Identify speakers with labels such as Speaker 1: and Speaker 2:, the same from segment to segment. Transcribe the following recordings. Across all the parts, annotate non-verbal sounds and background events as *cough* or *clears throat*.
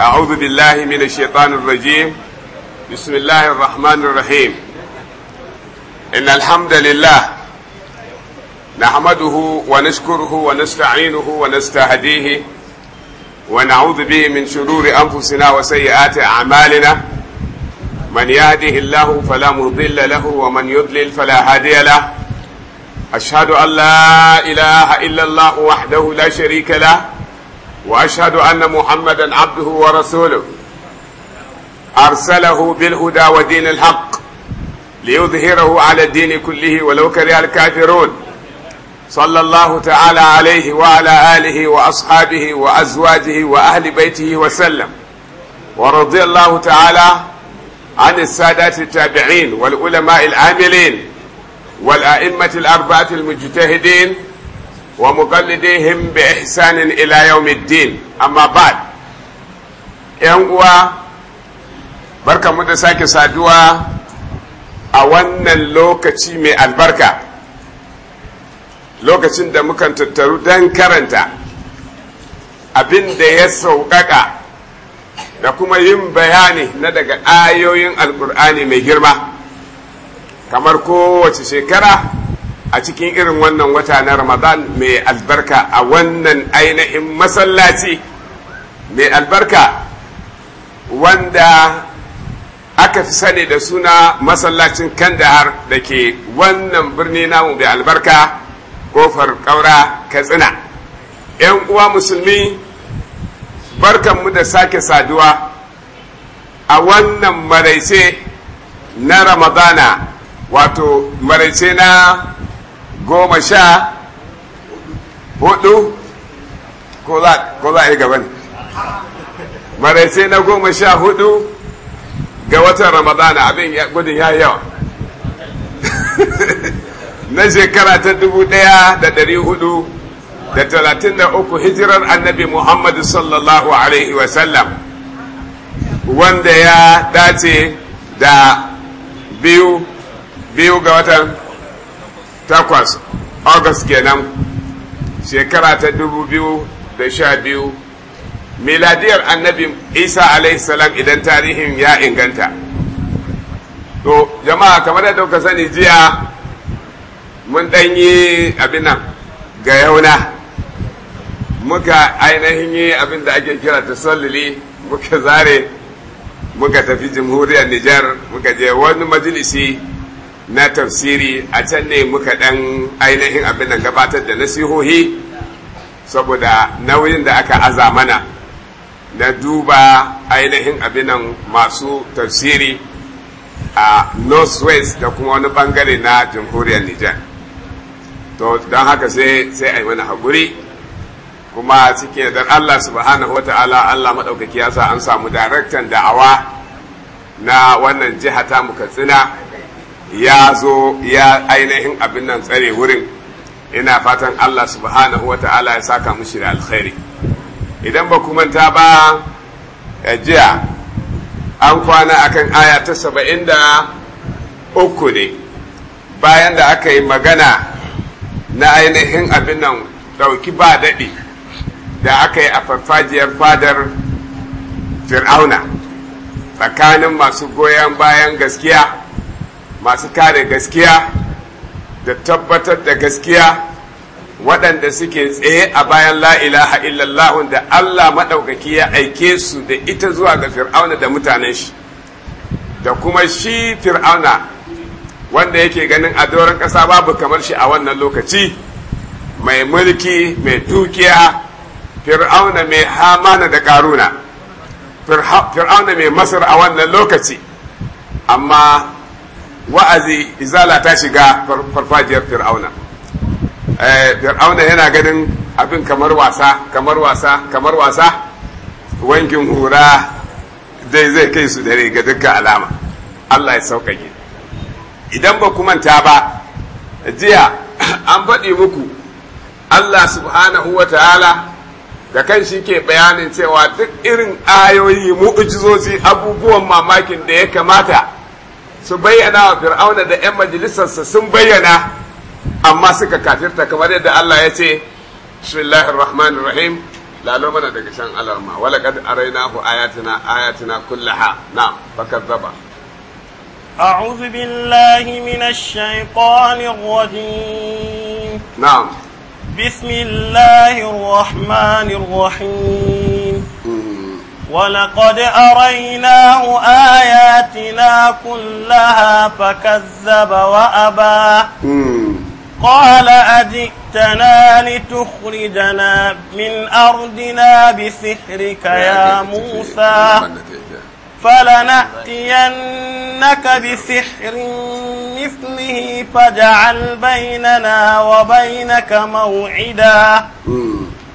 Speaker 1: أعوذ بالله من الشيطان الرجيم بسم الله الرحمن الرحيم إن الحمد لله نحمده ونشكره ونستعينه ونستهديه ونعوذ به من شرور أنفسنا وسيئات أعمالنا من يهده الله فلا مضل له ومن يضلل فلا هادي له أشهد أن لا إله إلا الله وحده لا شريك له واشهد ان محمدا عبده ورسوله ارسله بالهدى ودين الحق ليظهره على الدين كله ولو كره الكافرون صلى الله تعالى عليه وعلى اله واصحابه وازواجه واهل بيته وسلم ورضي الله تعالى عن السادات التابعين والعلماء العاملين والائمه الاربعه المجتهدين ومقلديهم بإحسان إلى يوم الدين bad yan uwa barka mu da sake saduwa a wannan lokaci mai albarka lokacin da mukan tattaru don karanta abin da ya sauƙaƙa da kuma yin bayani na daga ayoyin alƙur'ani mai girma kamar kowace shekara a cikin irin wannan wata na ramadan mai albarka a wannan ainihin masallaci mai albarka wanda aka fi sani da suna masallacin kandahar da ke wannan birni namu mai albarka kofar kaura katsina yan uwa musulmi barkanmu da sake saduwa a wannan maraice na ramadana wato maraice na goma sha hudu ko za a yi gaban maraice na goma sha hudu ga watan ramadana abin gudun ya yawa *laughs* na shekara ta dubu daya da dari hudu da talatin da uku hijirar annabi muhammadu sallallahu alaihi wasallam wanda ya dace da biyu biyu ga watan takwas august kenan shekara ta dubu biyu da sha biyu miladiyar annabi isa alaihissalam idan tarihin ya inganta to jama'a kamar da ka sani jiya mun ɗanyi abin nan ga yauna muka ainihin yi abin da ake kira sallili muka zare muka tafi jamhuriyar Nijar muka je wani majalisi na tafsiri a can ne muka ɗan ainihin abin nan gabatar da nasihohi saboda nauyin da aka aza mana na duba ainihin abinan masu tafsiri a northwest da kuma wani bangare na jamhuriyar nijar to don haka sai a yi mana haƙuri kuma cikin yadda allah subhanahu wa ta'ala allah maɗaukaki ya sa an samu daraktan da'awa na wannan jihata mukatsina mu ya zo ya ainihin abin nan tsare wurin ina fatan Allah subhanahu wa ta'ala ya saka mushi da alkhairi idan ba ku manta ba eh, jiya an kwana akan aya ta saba'in da uku ne bayan da aka yi magana na ainihin abin nan ɗauki ba daɗi da aka yi a farfajiyar fadar fir'auna tsakanin masu goyon bayan gaskiya masu kare gaskiya da tabbatar da gaskiya waɗanda suke tsaye a bayan la'ilaha illallahun da Allah maɗaukaki ya aike su da ita zuwa ga fir'auna da mutanen shi da kuma shi fir'auna wanda yake ganin a doron ƙasa babu kamar shi a wannan lokaci mai mulki mai dukiya fir'auna mai hamana da ƙaruna fir'auna mai masar a wannan lokaci amma wa'azi izala ta shiga farfajiyar fir'auna eh, fir'auna yana ganin abin kamar wasa kamar wasa kamar wasa wankin hura dai zai kai su dare ga dukkan alama Allah ya sauƙaƙe idan ba ku manta ba jiya *clears throat* an faɗi muku Allah subhanahu wa ta'ala da kan shi ke bayanin cewa duk irin ayoyi mu'ujizozi abubuwan mamakin da ya kamata su bayyana wa fir'auna da 'yan majalisarsa sun bayyana amma suka kafirta kamar yadda Allah ya ce bismillahir rahmanir rahim lalo mana daga shan alarma wala kad arainahu ayatina ayatina kullaha na'am fakazzaba أعوذ
Speaker 2: بالله من الشيطان الرجيم نعم بسم الله الرحمن الرحيم ولقد أريناه آياتنا كلها فكذب وأبى قال أجئتنا لتخرجنا من أرضنا بسحرك يا موسى فلنأتينك بسحر مثله فاجعل بيننا وبينك موعدا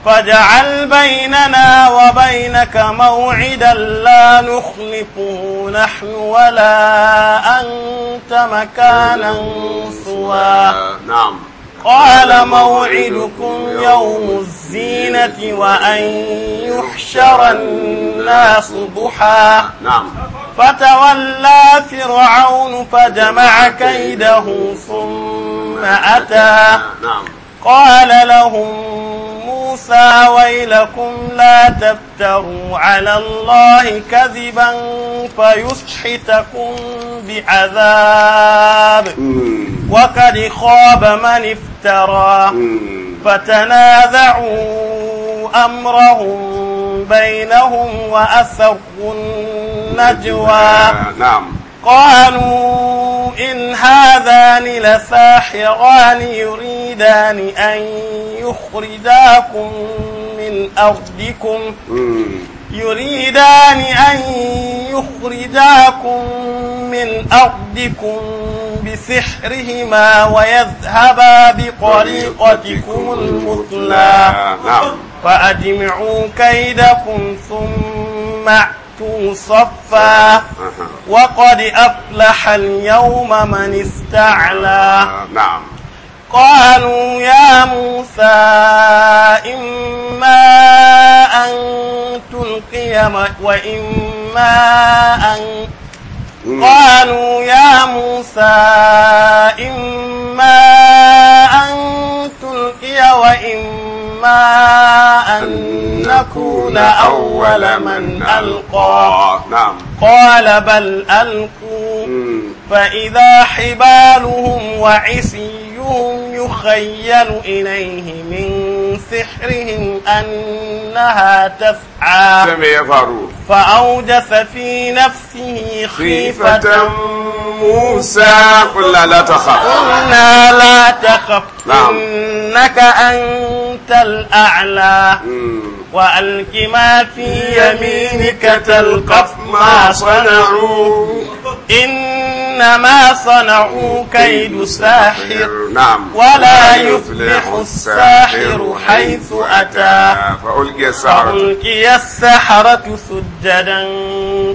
Speaker 2: فاجعل بيننا وبينك موعدا لا نخلفه نحن ولا أنت مكانا سوى نعم قال موعدكم يوم الزينة وأن يحشر الناس ضحى نعم فتولى فرعون فجمع كيده ثم أتى نعم قال لهم موسى ويلكم لا تفتروا على الله كذبا فيسحتكم بعذاب وقد خاب من افترى فتنازعوا أمرهم بينهم وأسروا
Speaker 1: النجوى نعم
Speaker 2: قالوا إن هذان لساحران يريدان أن يخرجاكم من أرضكم يريدان أن يخرجاكم من أرضكم بسحرهما ويذهبا بطريقتكم المثلى نعم. فأجمعوا كيدكم ثم وأتوا صفا وقد أفلح اليوم من استعلى آه، نعم قالوا يا موسى إما أن تلقي وإما أن قالوا يا موسى إما أن تلقي وإما أن نكون أول من ألقى نعم قال بل ألقوا فإذا حبالهم وعصيهم كلهم يخيل إليه من سحرهم أنها تسعى فأوجس في نفسه خيفة موسى قلنا لا تخف قلنا لا تخف نعم. إنك أنت الأعلى وألك ما في يمينك تلقف ما صنعوا *laughs* إن إنما صنعوا كيد ساحر نعم. ولا
Speaker 1: يفلح الساحر حيث أتى فألقي السحرة
Speaker 2: فألقي السحرة سجدا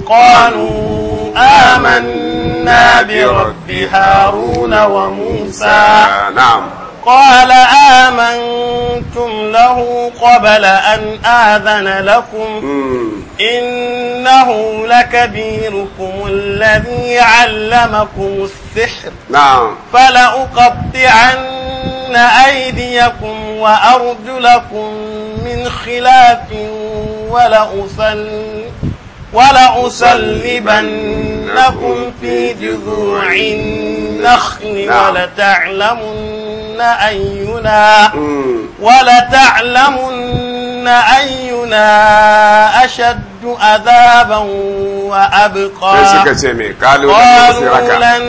Speaker 2: قالوا آمنا
Speaker 1: برب
Speaker 2: هارون وموسى آه، نعم قال آمنتم له قبل أن آذن لكم إنه لكبيركم الذي علمكم السحر نعم فلأقطعن أيديكم وأرجلكم من خلاف ولأصل ولأصلبنكم في جذوع النخل نعم. ولتعلمن أينا ولتعلمن أينا أشد عذابا وأبقى
Speaker 1: قالوا لن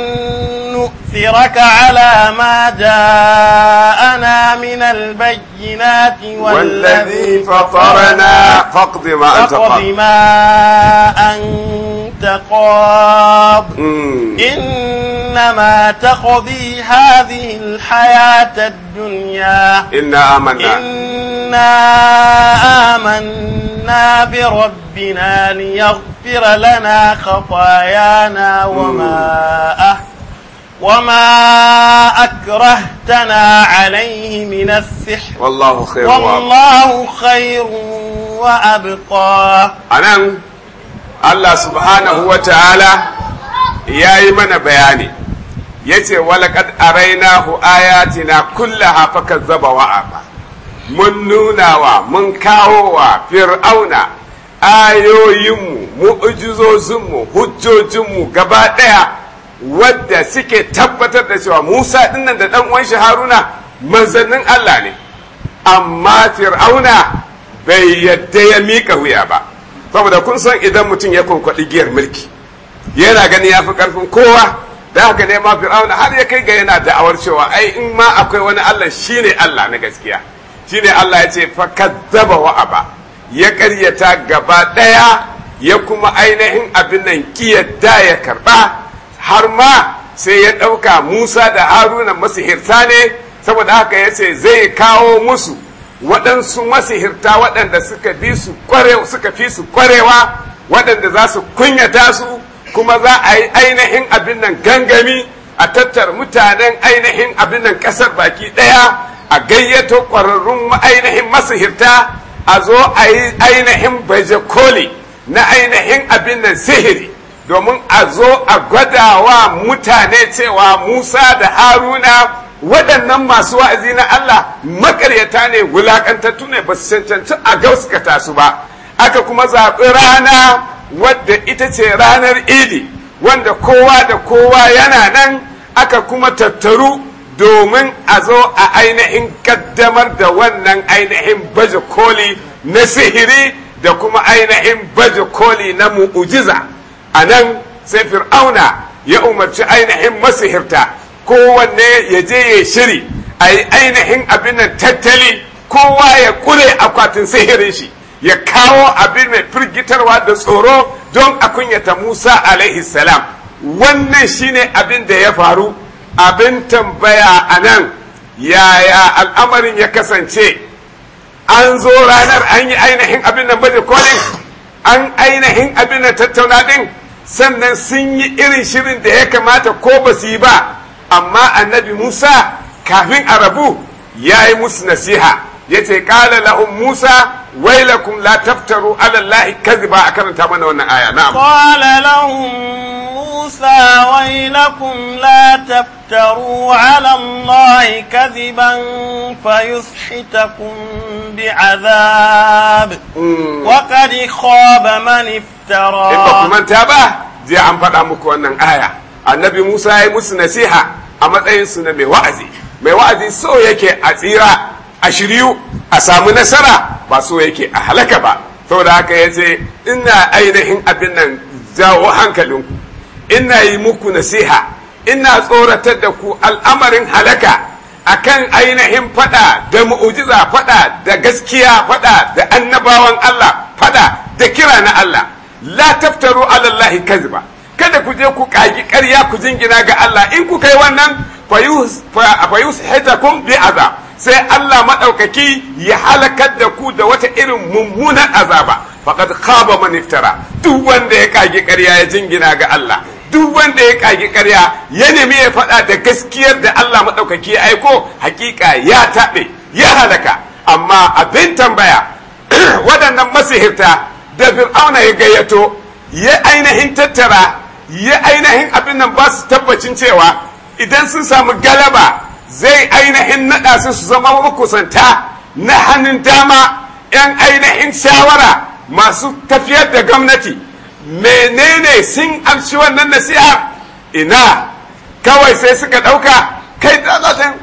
Speaker 2: نؤثرك على ما جاءنا من البينات والذي فطرنا
Speaker 1: فاقض ما أنت قاضي
Speaker 2: ما أنت التقاب إنما تقضي هذه الحياة الدنيا
Speaker 1: إنا آمنا إنا
Speaker 2: آمنا بربنا ليغفر لنا خطايانا وما أه- وما أكرهتنا عليه من السحر
Speaker 1: والله خير
Speaker 2: والله خير وأبقى
Speaker 1: أنا Allah subhanahu wa ta'ala ya yi mana bayani ya ce walaƙad arainahu ayatina kulla hafaka zaba wa'afa. mun nuna wa mun kawo wa fir'auna ayoyinmu mu'ujizozinmu hujjojinmu gaba ɗaya wadda suke tabbatar da cewa musa ɗinnan da ɗan shi haruna manzannin allah ne amma fir'auna bai yadda ya miƙa wuya ba saboda kun san idan mutum ya kwankwaɗi giyar mulki yana gani ya fi ƙarfin kowa da haka ne ma fir'auna har ya kai ga yana da'awar cewa ai in ma akwai wani allah shine allah na gaskiya shine allah ya ce fa kazzaba wa aba ya ƙaryata gaba ɗaya ya kuma ainihin abin nan kiyadda ya karɓa har ma sai ya ɗauka musa da haruna masu hirta ne saboda haka ya ce zai kawo musu waɗansu masihirta waɗanda suka bi su suka fi su kwarewa waɗanda za su kunyata su kuma za a yi ainihin abin nan gangami a tattar mutanen ainihin abin nan ƙasar baki ɗaya a gayyato ƙwararrun ainihin masihirta a zo a yi ainihin baje koli na ainihin abin nan sihiri domin a zo a gwada wa mutane cewa musa da haruna waɗannan masu wa'azi na Allah makaryata ne wulakantattu ne ba su cancanci a gauskata su ba aka kuma zaɓi rana wadda ita ce ranar idi wanda kowa da kowa yana nan aka kuma tattaru domin a zo a ainihin ƙaddamar da wannan ainihin baje koli na sihiri da kuma ainihin baje koli na mu'ujiza a nan sai fir'auna ya umarci ainihin masihirta kowanne ya je ya shiri a yi ainihin abin nan tattali kowa ya kure akwatin sihirin shi ya kawo abin mai firgitarwa da tsoro don a kunyata musa alaihi salam wannan shine abin da ya faru abin tambaya a nan yaya al'amarin ya kasance an zo ranar an yi ainihin abin nan bada kolin an ainihin abin nan tattauna din sannan sun yi irin shirin da ya kamata ko ba su yi ba amma annabi musa kafin a rabu ya yi musu nasiha ya ce ƙala lahum musa wailakum la taftaru ala allahi kadhiba a karanta mana wannan aya na'am
Speaker 2: qala lahum musa wailakum la taftaru ala allahi kadhiban fayushitakum bi'adhab hmm. wa qad khaba man
Speaker 1: iftara in ba kuma an faɗa muku wannan aya annabi musa ya yi musu nasiha a matsayinsu na mai wa'azi mai wa'azi so yake a tsira a shiryu a samu nasara ba so yake a halaka ba saboda haka ya ce ina ainihin abin nan jawo hankalinku ina yi muku nasiha ina tsoratar da ku al'amarin halaka kan ainihin fada da mu'ujiza fada da gaskiya fada da annabawan Allah fada da kira na Allah la taftaru ala Allah kaziba kada ku je ku kagi ƙarya ku jingina ga Allah in ku kai wannan fayus hitakum bi aza sai Allah maɗaukaki ya halakar da ku da wata irin mummunan azaba faqad khaba man iftara duk wanda ya kagi ƙarya ya jingina ga Allah duk wanda ya kagi ƙarya ya nemi ya faɗa da gaskiyar da Allah maɗaukaki ya aiko hakika ya taɓe ya halaka amma abin tambaya *clears throat* waɗannan masihirta da fir'auna ya gayyato ya ainihin tattara ya ainihin abin nan ba su tabbacin cewa idan sun samu galaba zai ainihin naɗa su su zama makusanta na hannun dama 'yan ainihin shawara masu tafiyar da gwamnati menene sun amshi wannan nasiha ina kawai sai suka ɗauka kai tsatsatin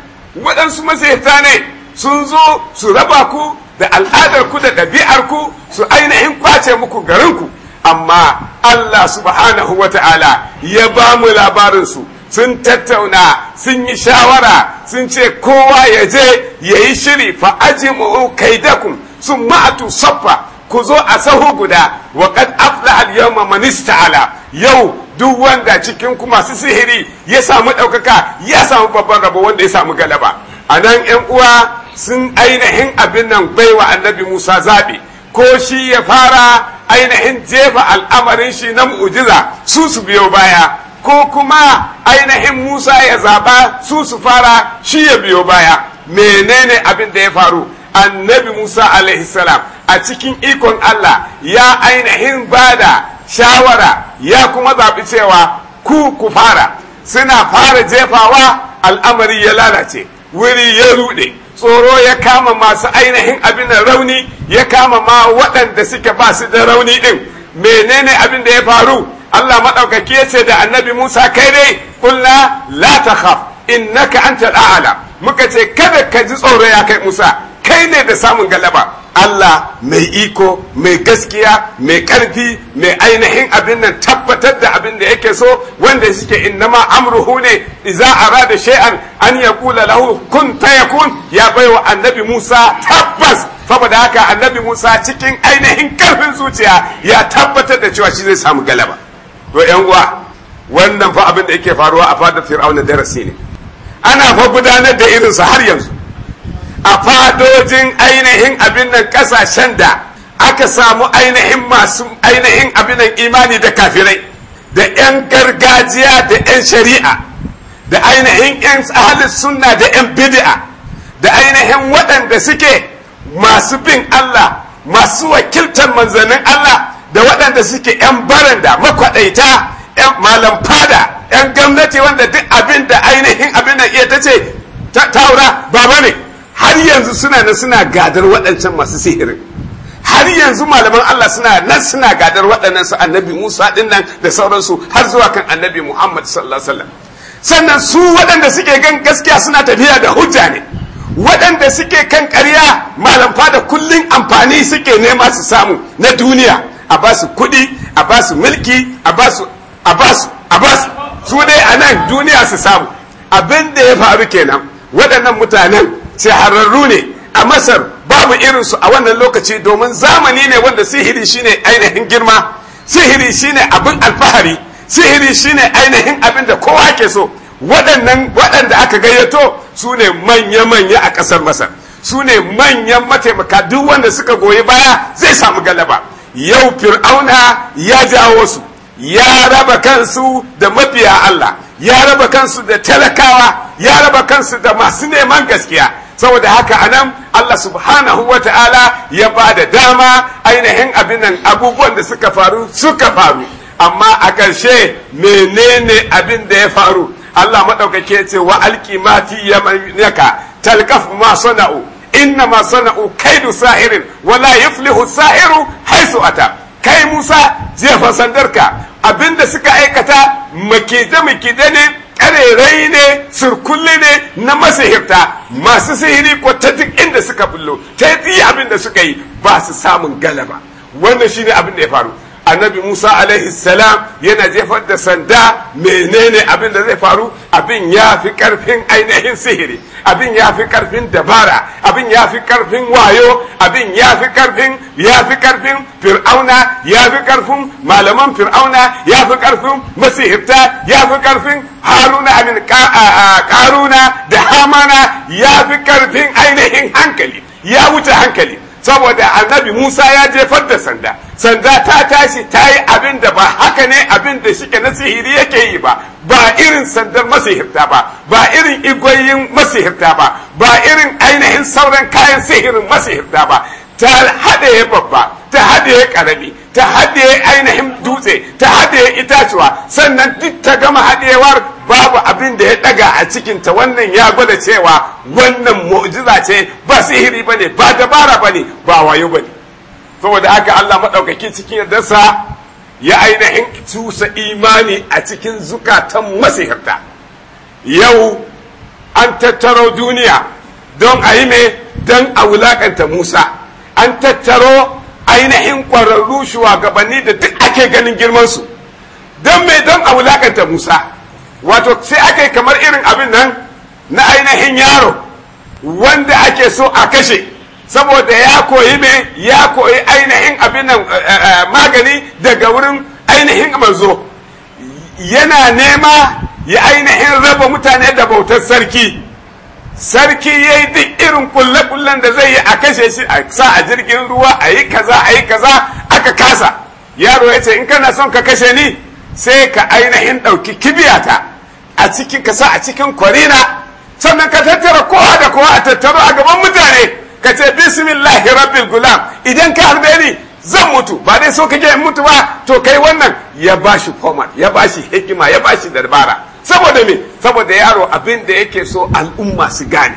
Speaker 1: waɗansu masaita ne sun zo su raba ku da al'adarku da ɗabi'ar ku su ainihin kwace muku garinku amma Allah subhanahu wa ta'ala ya ba mu labarinsu sun tattauna sun yi shawara sun ce kowa ya je ya yi shiri fa ajimu kaidakum sun ma'atu saffa ku zo a sahu guda wa kad afla al yawma man ala yau duk wanda cikin ku masu sihiri ya samu ɗaukaka ya samu babban rabo wanda ya samu galaba a nan yan uwa sun ainihin abin nan baiwa annabi musa zaɓi ko shi ya fara ainihin jefa al'amarin shi na mu'ujiza su su biyo baya ko kuma ainihin Musa ya zaɓa su su fara shi ya biyo baya menene abin da ya faru annabi Musa salam a cikin ikon Allah ya ainihin bada shawara ya kuma zaɓi cewa ku ku fara suna fara jefawa al'amari ya lalace wuri ya rude. tsoro ya kama masu ainihin abin da rauni ya kama ma waɗanda suke ba su da rauni ɗin menene abin da ya faru Allah maɗaukaki ya ce da annabi Musa kai dai kulla la takhaf innaka antal a'la muka ce kada ka ji tsoro ya kai Musa kai ne da samun galaba Allah mai iko mai gaskiya mai karfi mai ainihin abin nan tabbatar da abin da yake so wanda suke ma amruhu ne a arada shay'an an yaqula lahu kun fayakun ya baiwa annabi Musa tabbas saboda haka annabi Musa cikin ainihin karfin zuciya ya tabbatar da cewa shi zai samu galaba to yan uwa wannan fa abin da yake faruwa a fadar fir'auna darasi ne ana fa gudanar da irinsa har yanzu a fadojin ainihin abin nan kasashen da aka samu ainihin masu ainihin abin nan imani da kafirai da 'yan gargajiya da 'yan shari'a da ainihin 'yan ahalin sunna da 'yan bid'a da ainihin waɗanda suke masu bin Allah masu wakiltar manzannin Allah da waɗanda suke 'yan baranda makwaɗaita 'yan malam fada 'yan gwamnati wanda duk abin da ainihin abin da iya ta ce taura baba ne har yanzu suna nan suna gadar waɗancan masu sihirin har yanzu malaman Allah suna nan suna gadar waɗannan su annabi Musa din nan da sauransu har zuwa kan annabi Muhammad sallallahu alaihi wasallam sannan su waɗanda suke gan gaskiya suna tafiya da hujja ne waɗanda suke kan ƙarya malam da kullun amfani suke nema su samu na duniya a ba su kuɗi a ba su mulki a ba su a ba su a ba su su dai a nan duniya su samu abin da ya faru kenan waɗannan mutanen shahararru ne a masar babu irinsu a wannan lokaci domin zamani ne wanda sihiri shine ainihin girma sihiri shine abin alfahari sihiri shine ainihin abin da kowa ke so waɗannan waɗanda aka gayyato su ne manya-manya a ƙasar masar su ne manyan mataimaka duk wanda suka goyi baya zai samu galaba yau fir'auna ya jawo su ya raba kansu da mafiya allah ya raba kansu da talakawa ya raba kansu da masu neman gaskiya saboda haka anan Allah subhanahu wa ta'ala ya ba da dama ainihin abin nan abubuwan da suka faru suka faru amma a ƙarshe menene abin da ya faru Allah maɗaukake ce wa alkimati ya manyaka talkaf ma sana'u inna ma sana'u kaidu sahirin wala yuflihu sahiru haisu ata kai Musa jefa sandarka abinda suka aikata makide makide ne ƙarerai ne surkulle ne na masihirta masu sihiri ko ta duk inda suka bullo ta yi abin da suka yi ba su samun galaba wannan shine abin da ya faru annabi musa alaihi salam yana jefar da sanda menene abin da zai faru abin ya fi karfin ainihin sihiri abin ya fi karfin dabara abin ya fi karfin wayo abin ya fi karfin ya fi karfin fir'auna ya fi karfin malaman fir'auna ya fi karfin masihirta ya fi karfin haruna abin karuna da hamana ya fi karfin ainihin hankali ya wuce hankali saboda annabi musa ya jefar da sanda sanda ta tashi ta yi abin da ba haka ne abin da shike na sihiri yake yi ba ba irin sandar masihirta ba ba irin igoyin masihirta ba ba irin ainihin sauran kayan sihirin masihirta ba ta haɗe babba ta haɗe ƙarami ta haɗe ainihin dutse ta haɗe itacuwa sannan duk ta gama haɗewar babu abin da ya ɗaga a cikinta wannan ya gwada cewa wannan mu'jiza ce ba sihiri ba ne ba dabara ba ne ba wayo ba ne saboda haka Allah maɗaukaki cikin dasa ya ainihin tusa imani a cikin zukatan masihirta yau an tattaro duniya don a yi mai don a wulaƙanta musa an tattaro ainihin ƙwararru shugabanni da duk ake ganin girmansu don mai don a wulakanta musa wato sai aka yi kamar irin abin nan na ainihin yaro wanda ake so a kashe saboda ya koyi me ya koyi ainihin abin eh, eh, eh, magani daga wurin ainihin manzo yana nema ya ainihin raba mutane da bautar sarki sarki ya yi duk irin kulle-kullen da zai yi a kashe shi a sa a jirgin ruwa a yi kaza a yi kaza aka kasa yaro ya ce in kana son ka kashe ni sai ka ainihin ɗauki kibiyata a cikin kasa a cikin kwarina sannan ka tattara kowa da kowa a tattaro a gaban mutane ka ce bismillahi rabbil gulam idan ka harbe ni zan mutu ba dai so kake in mutu ba to kai wannan ya bashi format ya bashi hikima ya bashi darbara saboda me saboda yaro abin da yake so al'umma su gane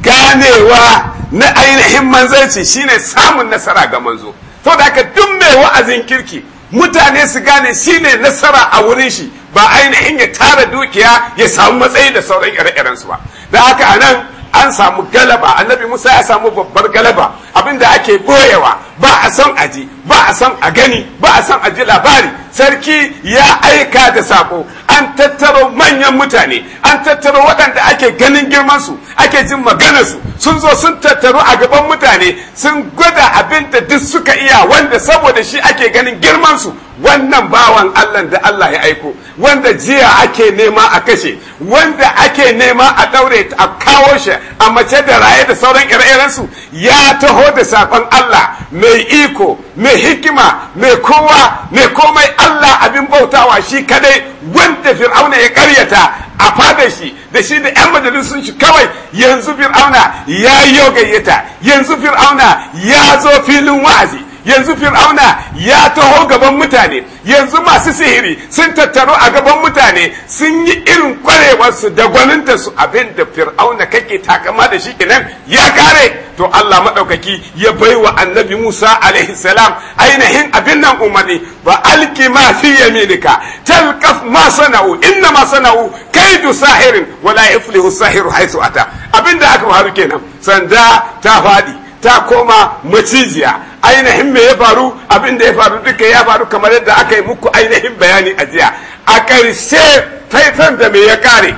Speaker 1: ganewa na ainihin manzanci shine samun nasara ga manzo to da ka duk mai wa'azin kirki mutane su gane shine nasara a wurin shi ba ainihin ya tara dukiya ya samu matsayi da sauran ire-irensu ba da haka anan an samu galaba annabi musa ya samu babbar galaba abinda ake boyewa ba a son aji ba a son a gani ba a son a ji labari sarki ya aika da sako an tattaro manyan mutane an tattaro waɗanda ake ganin girmansu ake jin maganarsu sun zo sun tattaro a gaban mutane sun gwada abin da duk suka iya wanda saboda shi ake ganin girman su wannan bawan allah da allah ya aiko wanda jiya ake nema a kashe wanda ake nema a daure a kawo shi a mace da raye da sauran ire-irensu ya taho da sakon allah mai mai iko mai hikima mai kowa mai komai Allah abin bautawa shi kadai wanda fir'auna ya karyata a fadar shi da shi da 'yan majalisun shi kawai yanzu fir'auna ya yi gayyata yanzu fir'auna ya zo filin wa'azi yanzu fir'auna ya taho gaban mutane yanzu masu sihiri sun tattaro a gaban mutane sun yi irin kwarewarsu da gwaninta su abin da fir'auna kake takama da shi kenan ya kare to Allah maɗaukaki ya bai wa annabi Musa alaihi salam ainihin abin nan umarni ba alki ma fi yaminika talqaf ma sana'u inna ma sana'u kaidu sahirin wala yuflihu sahiru haisu ata abin da aka faru kenan sanda ta faɗi ta koma macijiya ainihin me ya faru abin da ya faru duka ya faru kamar yadda aka yi muku ainihin bayani a jiya a ƙarshe faifan da me ya kare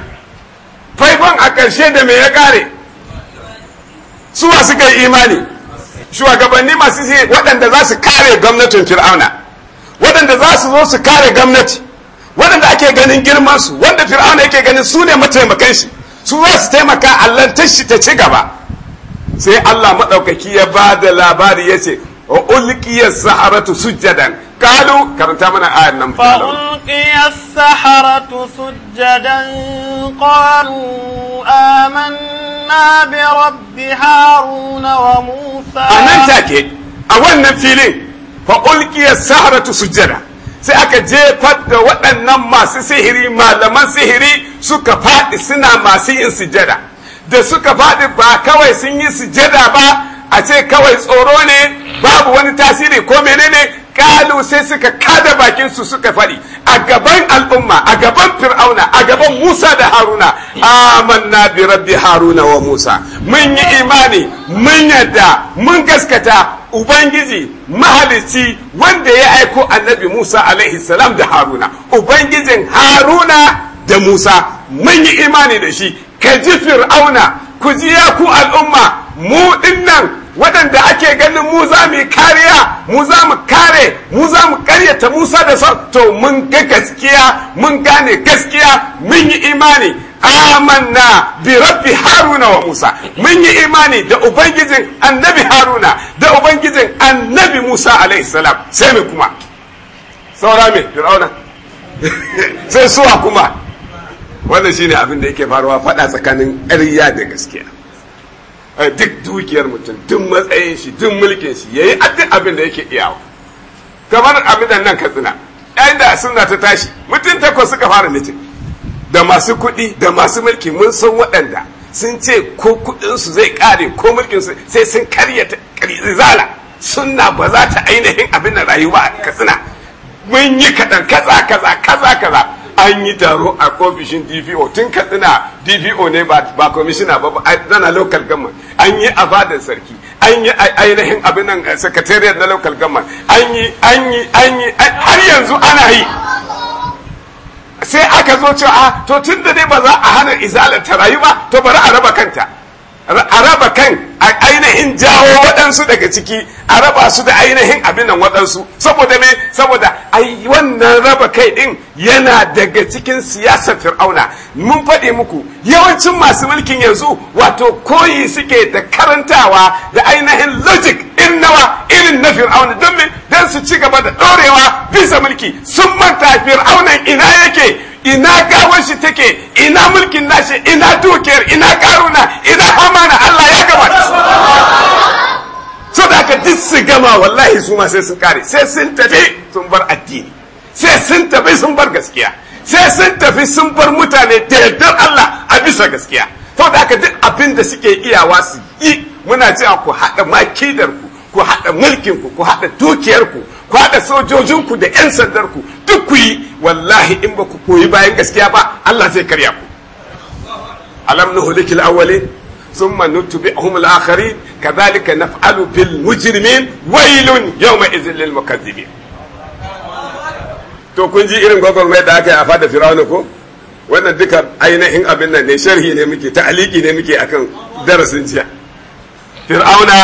Speaker 1: faifan a ƙarshe da me ya kare suwa suka yi imani shugabanni masu sai waɗanda za su kare gwamnatin fir'auna waɗanda za su zo su kare gwamnati waɗanda ake ganin girmansu wanda fir'auna yake ganin su ne mataimakan shi su za su taimaka allantar shi ta ci gaba sai Allah maɗaukaki ya ba da labari ya ce wa ulkiya saharatu sujjadan kalu karanta mana ayan nan fa
Speaker 2: ulkiya saharatu sujjadan qalu amanna bi rabbi haruna wa musa anan
Speaker 1: take a wannan filin fa ulkiya saharatu jada sai aka jefar da waɗannan masu sihiri malaman sihiri suka faɗi suna masu yin sujjada da suka faɗi ba kawai sun yi sujada ba a ce kawai tsoro ne babu wani tasiri ko menene kalu sai suka kada bakin su suka faɗi a gaban al'umma a gaban fir'auna a gaban musa da haruna amanna bi rabbi haruna wa musa mun yi imani mun yadda mun gaskata ubangiji mahalicci wanda ya aiko annabi musa alaihi salam da haruna ubangijin haruna da musa mun yi imani da shi ka ji fir'auna ku ji ya ku al'umma mu dinnan waɗanda ake ganin mu za mu kariya mu za mu kare mu za mu karyata musa da sau to mun ga gaskiya mun gane gaskiya mun yi imani amanna bi rabbi haruna wa musa mun yi imani da ubangijin annabi haruna da ubangijin annabi musa alaihi salam sai mu kuma saura fir'auna *laughs* sai suwa kuma wannan shine abin da yake faruwa fada tsakanin ƙarya da gaskiya duk dukiyar mutum duk matsayin shi duk mulkin shi yayi duk abin da yake iyawa kamar abin da nan katsina ɗayan da suna ta tashi mutum takwas suka fara mitin da masu kuɗi da masu mulki mun san waɗanda sun ce ko kuɗinsu zai ƙare ko mulkinsu sai sun karyata zala sunna ba za ta ainihin abin da rayuwa a katsina mun yi kaɗan kaza kaza kaza kaza an yi taro a ofishin dvo tun katsina dvo ne ba kwamishina ba zana local government an yi a fadar sarki an yi ainihin abin nan eh, secretariat na local government an yi an yi an yi har yanzu ana yi sai aka zo cewa ah, to tun da ne ba za a hana izalar ta rayu ba to bari a raba kanta a raba kan a ainihin jawo waɗansu daga ciki a raba su da ainihin abin nan waɗansu saboda me saboda ai wannan raba kai ɗin yana daga cikin siyasar fir'auna mun faɗi muku yawancin masu mulkin yanzu wato koyi suke da karantawa da ainihin logic in nawa irin na fir'auna don me don su ci gaba da ɗorewa bisa mulki sun manta fir'aunan ina yake ina gawar shi take ina mulkin nashi ina dukiyar ina karuna ina hamana Allah ya gabata so da aka duk su gama wallahi su ma sai sun kare sai sun tafi sun bar addini sai sun tafi sun bar gaskiya sai sun tafi sun bar mutane da yardar Allah a bisa gaskiya to da aka duk abin da suke iyawa su yi muna cewa ku haɗa makidar ku ku haɗa mulkin ku ku haɗa dukiyar ku ku haɗa sojojin ku da yan sandar ku duk ku yi wallahi in ba ku koyi bayan gaskiya ba Allah zai karya ku alam nuhulikil awwalin ثم نتبعهم الآخرين كذلك نفعل بالمجرمين ويل يومئذ للمكذبين to kun ji irin gwagwarmai da aka yi a fada firawuna ko wannan duka ainihin abin nan ne sharhi ne muke ta'aliki ne muke akan darasin jiya fir'auna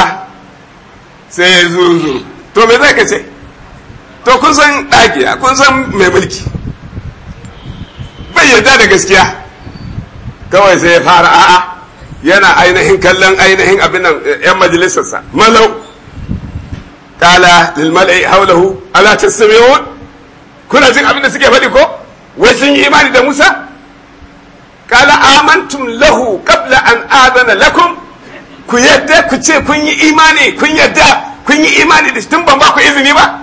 Speaker 1: sai ya zuru to me zai ka ce to kun san ɗagiya kun san mai mulki bai yarda da gaskiya kawai sai ya fara a'a yana ainihin kallon ainihin abin nan eh, yan majalisarsa malau kala lil mal'i hawlahu ala tasmi'un kuna jin abin da suke faɗi ko wai sun yi imani da Musa kala amantum lahu kabla an adana lakum ku yadda ku ce kun yi imani kun yadda kun yi imani da tun ban ba ku izini ba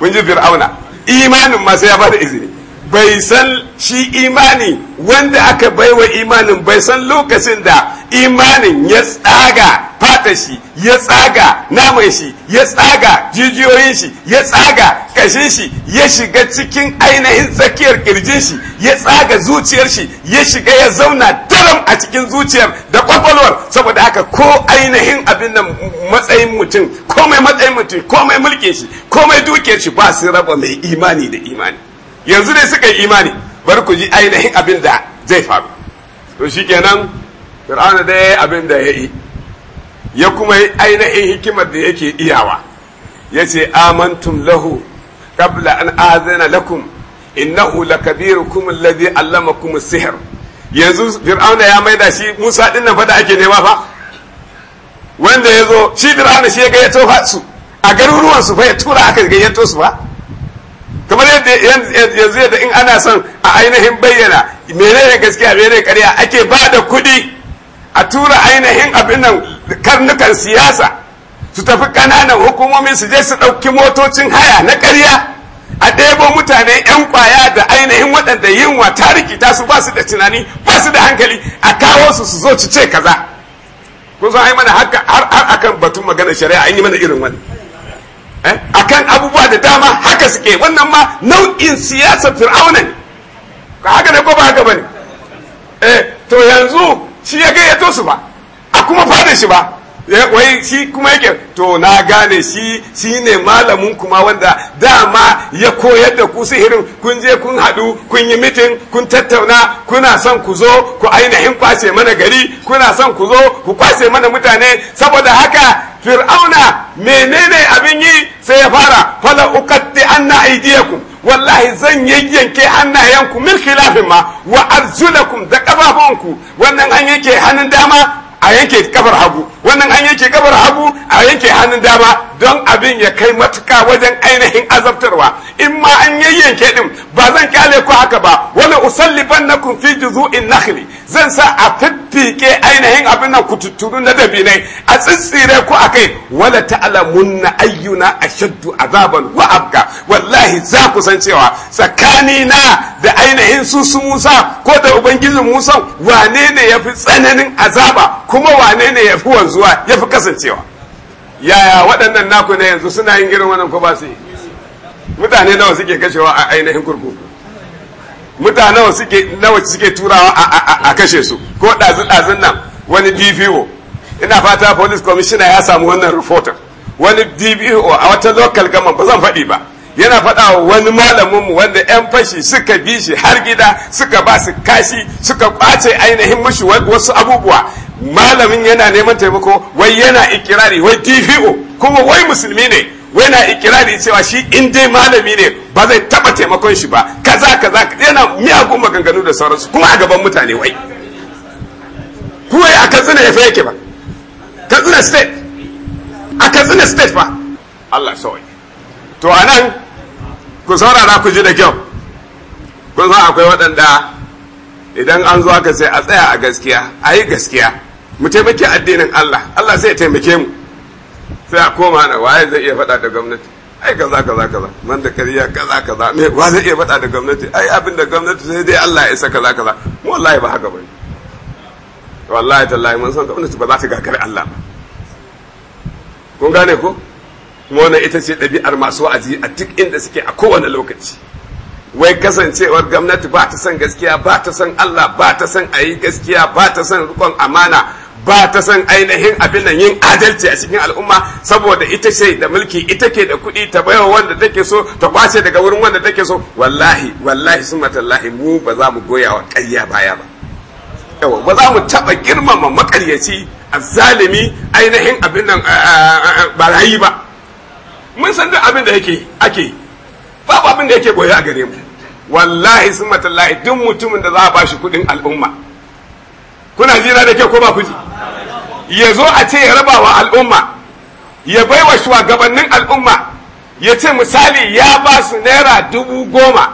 Speaker 1: mun ji fir'auna imanin ma sai ya bada izini bai san shi imani wanda aka baiwa imanin bai san lokacin da imanin ya tsaga fata shi ya tsaga namai shi ya tsaga jijiyoyin shi ya tsaga kashin shi ya shiga cikin ainihin tsakiyar kirjin shi ya tsaga zuciyar shi ya shiga ya zauna daram a cikin zuciyar da kwakwalwar saboda haka ko ainihin abin nan matsayin mutum komai matsayin mutum komai mulkin shi komai dukiyar shi ba su raba mai imani da imani yanzu ne suka yi imani bari ku ji ainihin abin da zai faru to shi kenan fir'auna da ya yi abin da ya yi ya kuma yi ainihin hikimar da yake iyawa ya ce amantum lahu qabla an azana lakum innahu lakabirukum alladhi allamakum sihr yanzu fir'auna ya maida shi musa din nan fa da ake nema fa wanda ya zo shi fir'auna shi ya tofa su a garuruwan su fa ya tura aka gayyato su fa kamar yadda yanzu yadda in ana son a ainihin bayyana menene gaskiya menene ƙarya ake ba da kuɗi a tura ainihin abin nan karnukan siyasa su tafi kananan hukumomin su je su ɗauki motocin haya na karya a ɗebo mutane 'yan kwaya da ainihin waɗanda yinwa ta rikita su ba su da tunani ba su da hankali a kawo su su zo ci ce kaza kun san yi mana haka har akan batun magana shari'a an yi mana irin wani Eh? a kan abubuwa da dama haka suke wannan ma nau'in siyasar fir'auna ne ka haka ne ko ba haka ne eh to yanzu shi ya gayyato su ba a kuma fada shi ba eh, wai shi kuma yake to na gane shi shi ne malamin kuma wanda dama ya koyar da ku sihirin kun je kun haɗu kun yi mitin kun tattauna kuna son ku zo ku ainihin kwashe mana gari kuna son ku zo ku kwashe mana mutane saboda haka fir'auna menene abin yi sai ya fara fala uqatti anna aydiyakum wallahi zan yayyanke hannayenku min khilafin ma wa arjulakum da kafafunku wannan an yanke hannun dama a yanke kafar hagu sannan an yanke gabar hagu a yanke hannun dama don abin ya kai matuka wajen ainihin azabtarwa in ma an yayyanke din ba zan kyale ku haka ba wala usalliban na kun fi juzu'in nakhli zan sa a fiffike ainihin abin nan kututuru na dabinai a tsitsire ku akai wala na ayyuna a ashaddu azaban wa abka wallahi za ku san cewa tsakani na da ainihin su su Musa ko da ubangijin Musa wane ne yafi tsananin azaba kuma wane ne yafi wanzuwa rayuwa ya fi kasancewa yaya waɗannan naku na yanzu suna yin girin wannan ko ba su yi mutane nawa suke kashewa a ainihin kurkuku mutane nawa suke turawa a kashe su ko ɗazin-ɗazin nan wani dvo ina fata police commissioner ya samu wannan reporter wani dvo a wata local government ba zan faɗi ba yana faɗa wa wani malaminmu wanda 'yan fashi suka bi shi har gida suka ba su kashi suka ƙwace ainihin mashi wasu abubuwa malamin yana neman taimako wai yana ikirari wai tfo kuma wai musulmi ne wai na ikirari cewa shi in dai malami ne ba zai taba taimakon shi ba kaza kaza yana miyagun maganganu da sauransu kuma a gaban mutane wai kuwa a katsina ya yake ba katsina state a katsina state ba allah sawai to a nan ku saurara ku ji da kyau kun san akwai waɗanda idan an zo aka sai a tsaya a gaskiya a yi gaskiya mu taimaki addinin Allah Allah sai ya taimake mu sai a koma na waye zai iya faɗa da gwamnati ai kaza kaza kaza man da kariya kaza kaza me wa zai iya faɗa da gwamnati ai abin da gwamnati sai dai Allah ya isa kaza kaza mu wallahi ba haka bane wallahi tallahi mun san gwamnati ba za ta gagari Allah ba kun gane ko kuma wannan ita ce ɗabi'ar masu wa'azi a duk inda suke a kowane lokaci wai kasancewar gwamnati ba ta son gaskiya ba ta son Allah ba ta son ayi gaskiya ba ta son rikon amana ba ta san ainihin abin nan yin adalci a cikin al'umma saboda ita ce da mulki ita ke da kuɗi ta baiwa wanda take so ta kwace daga wurin wanda take so wallahi wallahi sun matallahi mu ba za mu goya wa ƙarya baya ba yawa ba za mu taɓa girmama makaryaci a zalimi ainihin abin nan ba rayu ba mun san duk abin da yake ake babu abin da yake goya a gare mu wallahi sun matallahi duk mutumin da za a bashi kuɗin al'umma kuna jira da ke ko ba ku ji ya zo a ce ya raba wa al'umma ya bai wa shugabannin al'umma ya ce misali ya ba su naira dubu goma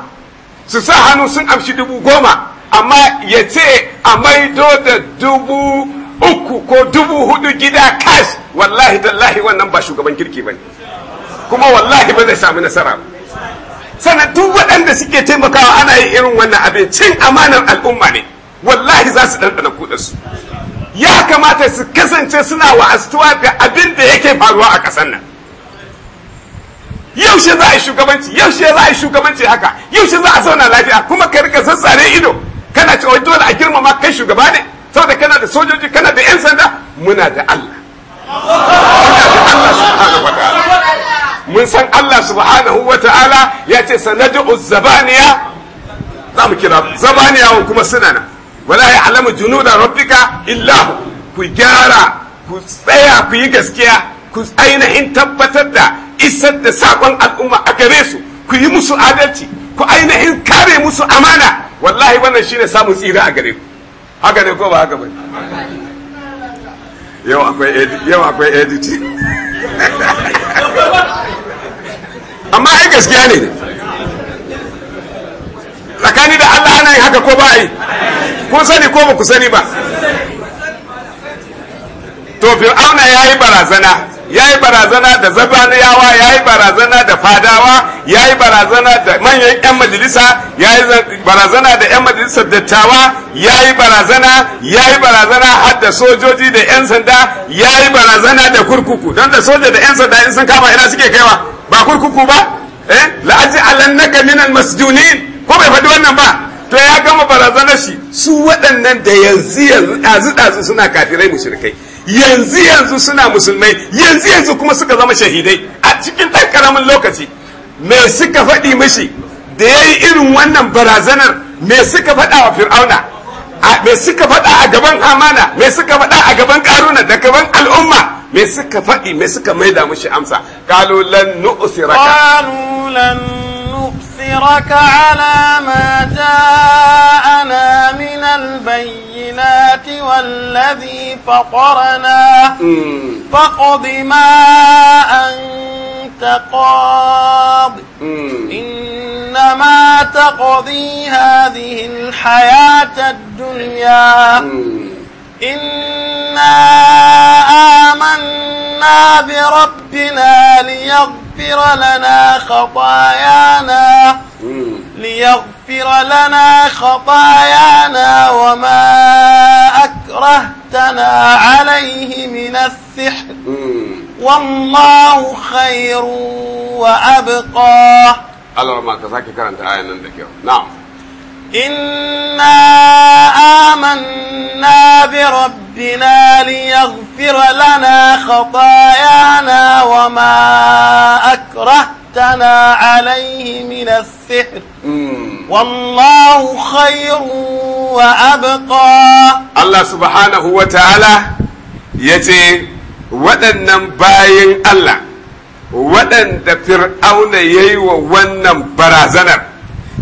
Speaker 1: su sa hannu sun amshi dubu goma amma ya ce a maido da dubu uku ko dubu hudu gida cash wallahi tallahi wannan ba shugaban kirki ba kuma wallahi ba zai sami nasara sannan duk waɗanda suke taimakawa ana yi irin wannan abin cin amanar al'umma ne wallahi za su ɗanɗana su. ya kamata su kasance suna wa'astuwa ga abin da yake faruwa a ƙasar nan yaushe za a yi shugabanci yaushe za a yi shugabanci haka yaushe za a zauna lafiya kuma ka rika zazzare ido kana cewa dole a girmama kai shugaba ne saboda kana da sojoji kana da 'yan sanda muna da Allah mun san Allah subhanahu wa ta'ala ya ce sanadu zabaniya za mu kira zabaniya kuma suna nan wala ya alamu da rabbika illahu ku gyara ku tsaya ku yi gaskiya ku ainihin tabbatar da isar da sakon al'umma a gare su ku yi musu adalci ku ainihin kare musu amana wallahi wannan shine samun tsira a gare ku haka ne ko ba haka bane yau akwai yau akwai editing *laughs* amma ai gaskiya ne tsakani da Allah ana yi haka ko ba yi kun sani ko ba ku sani ba to fir'auna ya yi barazana ya yi barazana da zabaniyawa ya yi barazana da fadawa ya yi barazana da manyan 'yan majalisa ya yi barazana da 'yan majalisar dattawa ya yi barazana ya yi barazana har da sojoji da 'yan sanda ya yi barazana da kurkuku don da soja da 'yan sanda in sun kama ina suke kaiwa ba kurkuku ba eh la'aji alannaka minal masjunin ko bai faɗi wannan ba to ya gama barazana shi su waɗannan da yanzu yanzu ɗazu ɗazu suna kafirai mushrikai yanzu yanzu suna musulmai yanzu yanzu kuma suka zama shahidai a cikin ɗan ƙaramin lokaci me suka faɗi mishi da ya yi irin wannan barazanar me suka faɗa wa fir'auna me suka faɗa a gaban amana me suka faɗa a gaban karuna da gaban al'umma me suka faɗi me suka maida mishi amsa kalulan nu'siraka
Speaker 2: kalulan nu'siraka ala ma جاءنا من البينات والذي فطرنا فقض ما أنت قاض إنما تقضي هذه الحياة الدنيا إنا آمنا بربنا ليغفر لنا خطايانا ليغفر لنا خطايانا وما أكرهتنا عليه من السحر والله خير وأبقى
Speaker 1: الله ما تزكي كرنت آية نعم
Speaker 2: إنا آمنا بربنا ليغفر لنا خطايانا وما أكرهتنا عليه من السحر والله خير وأبقى
Speaker 1: الله سبحانه وتعالى يتي waɗannan bayan Allah waɗanda fir'auna ya yi wa wannan barazanar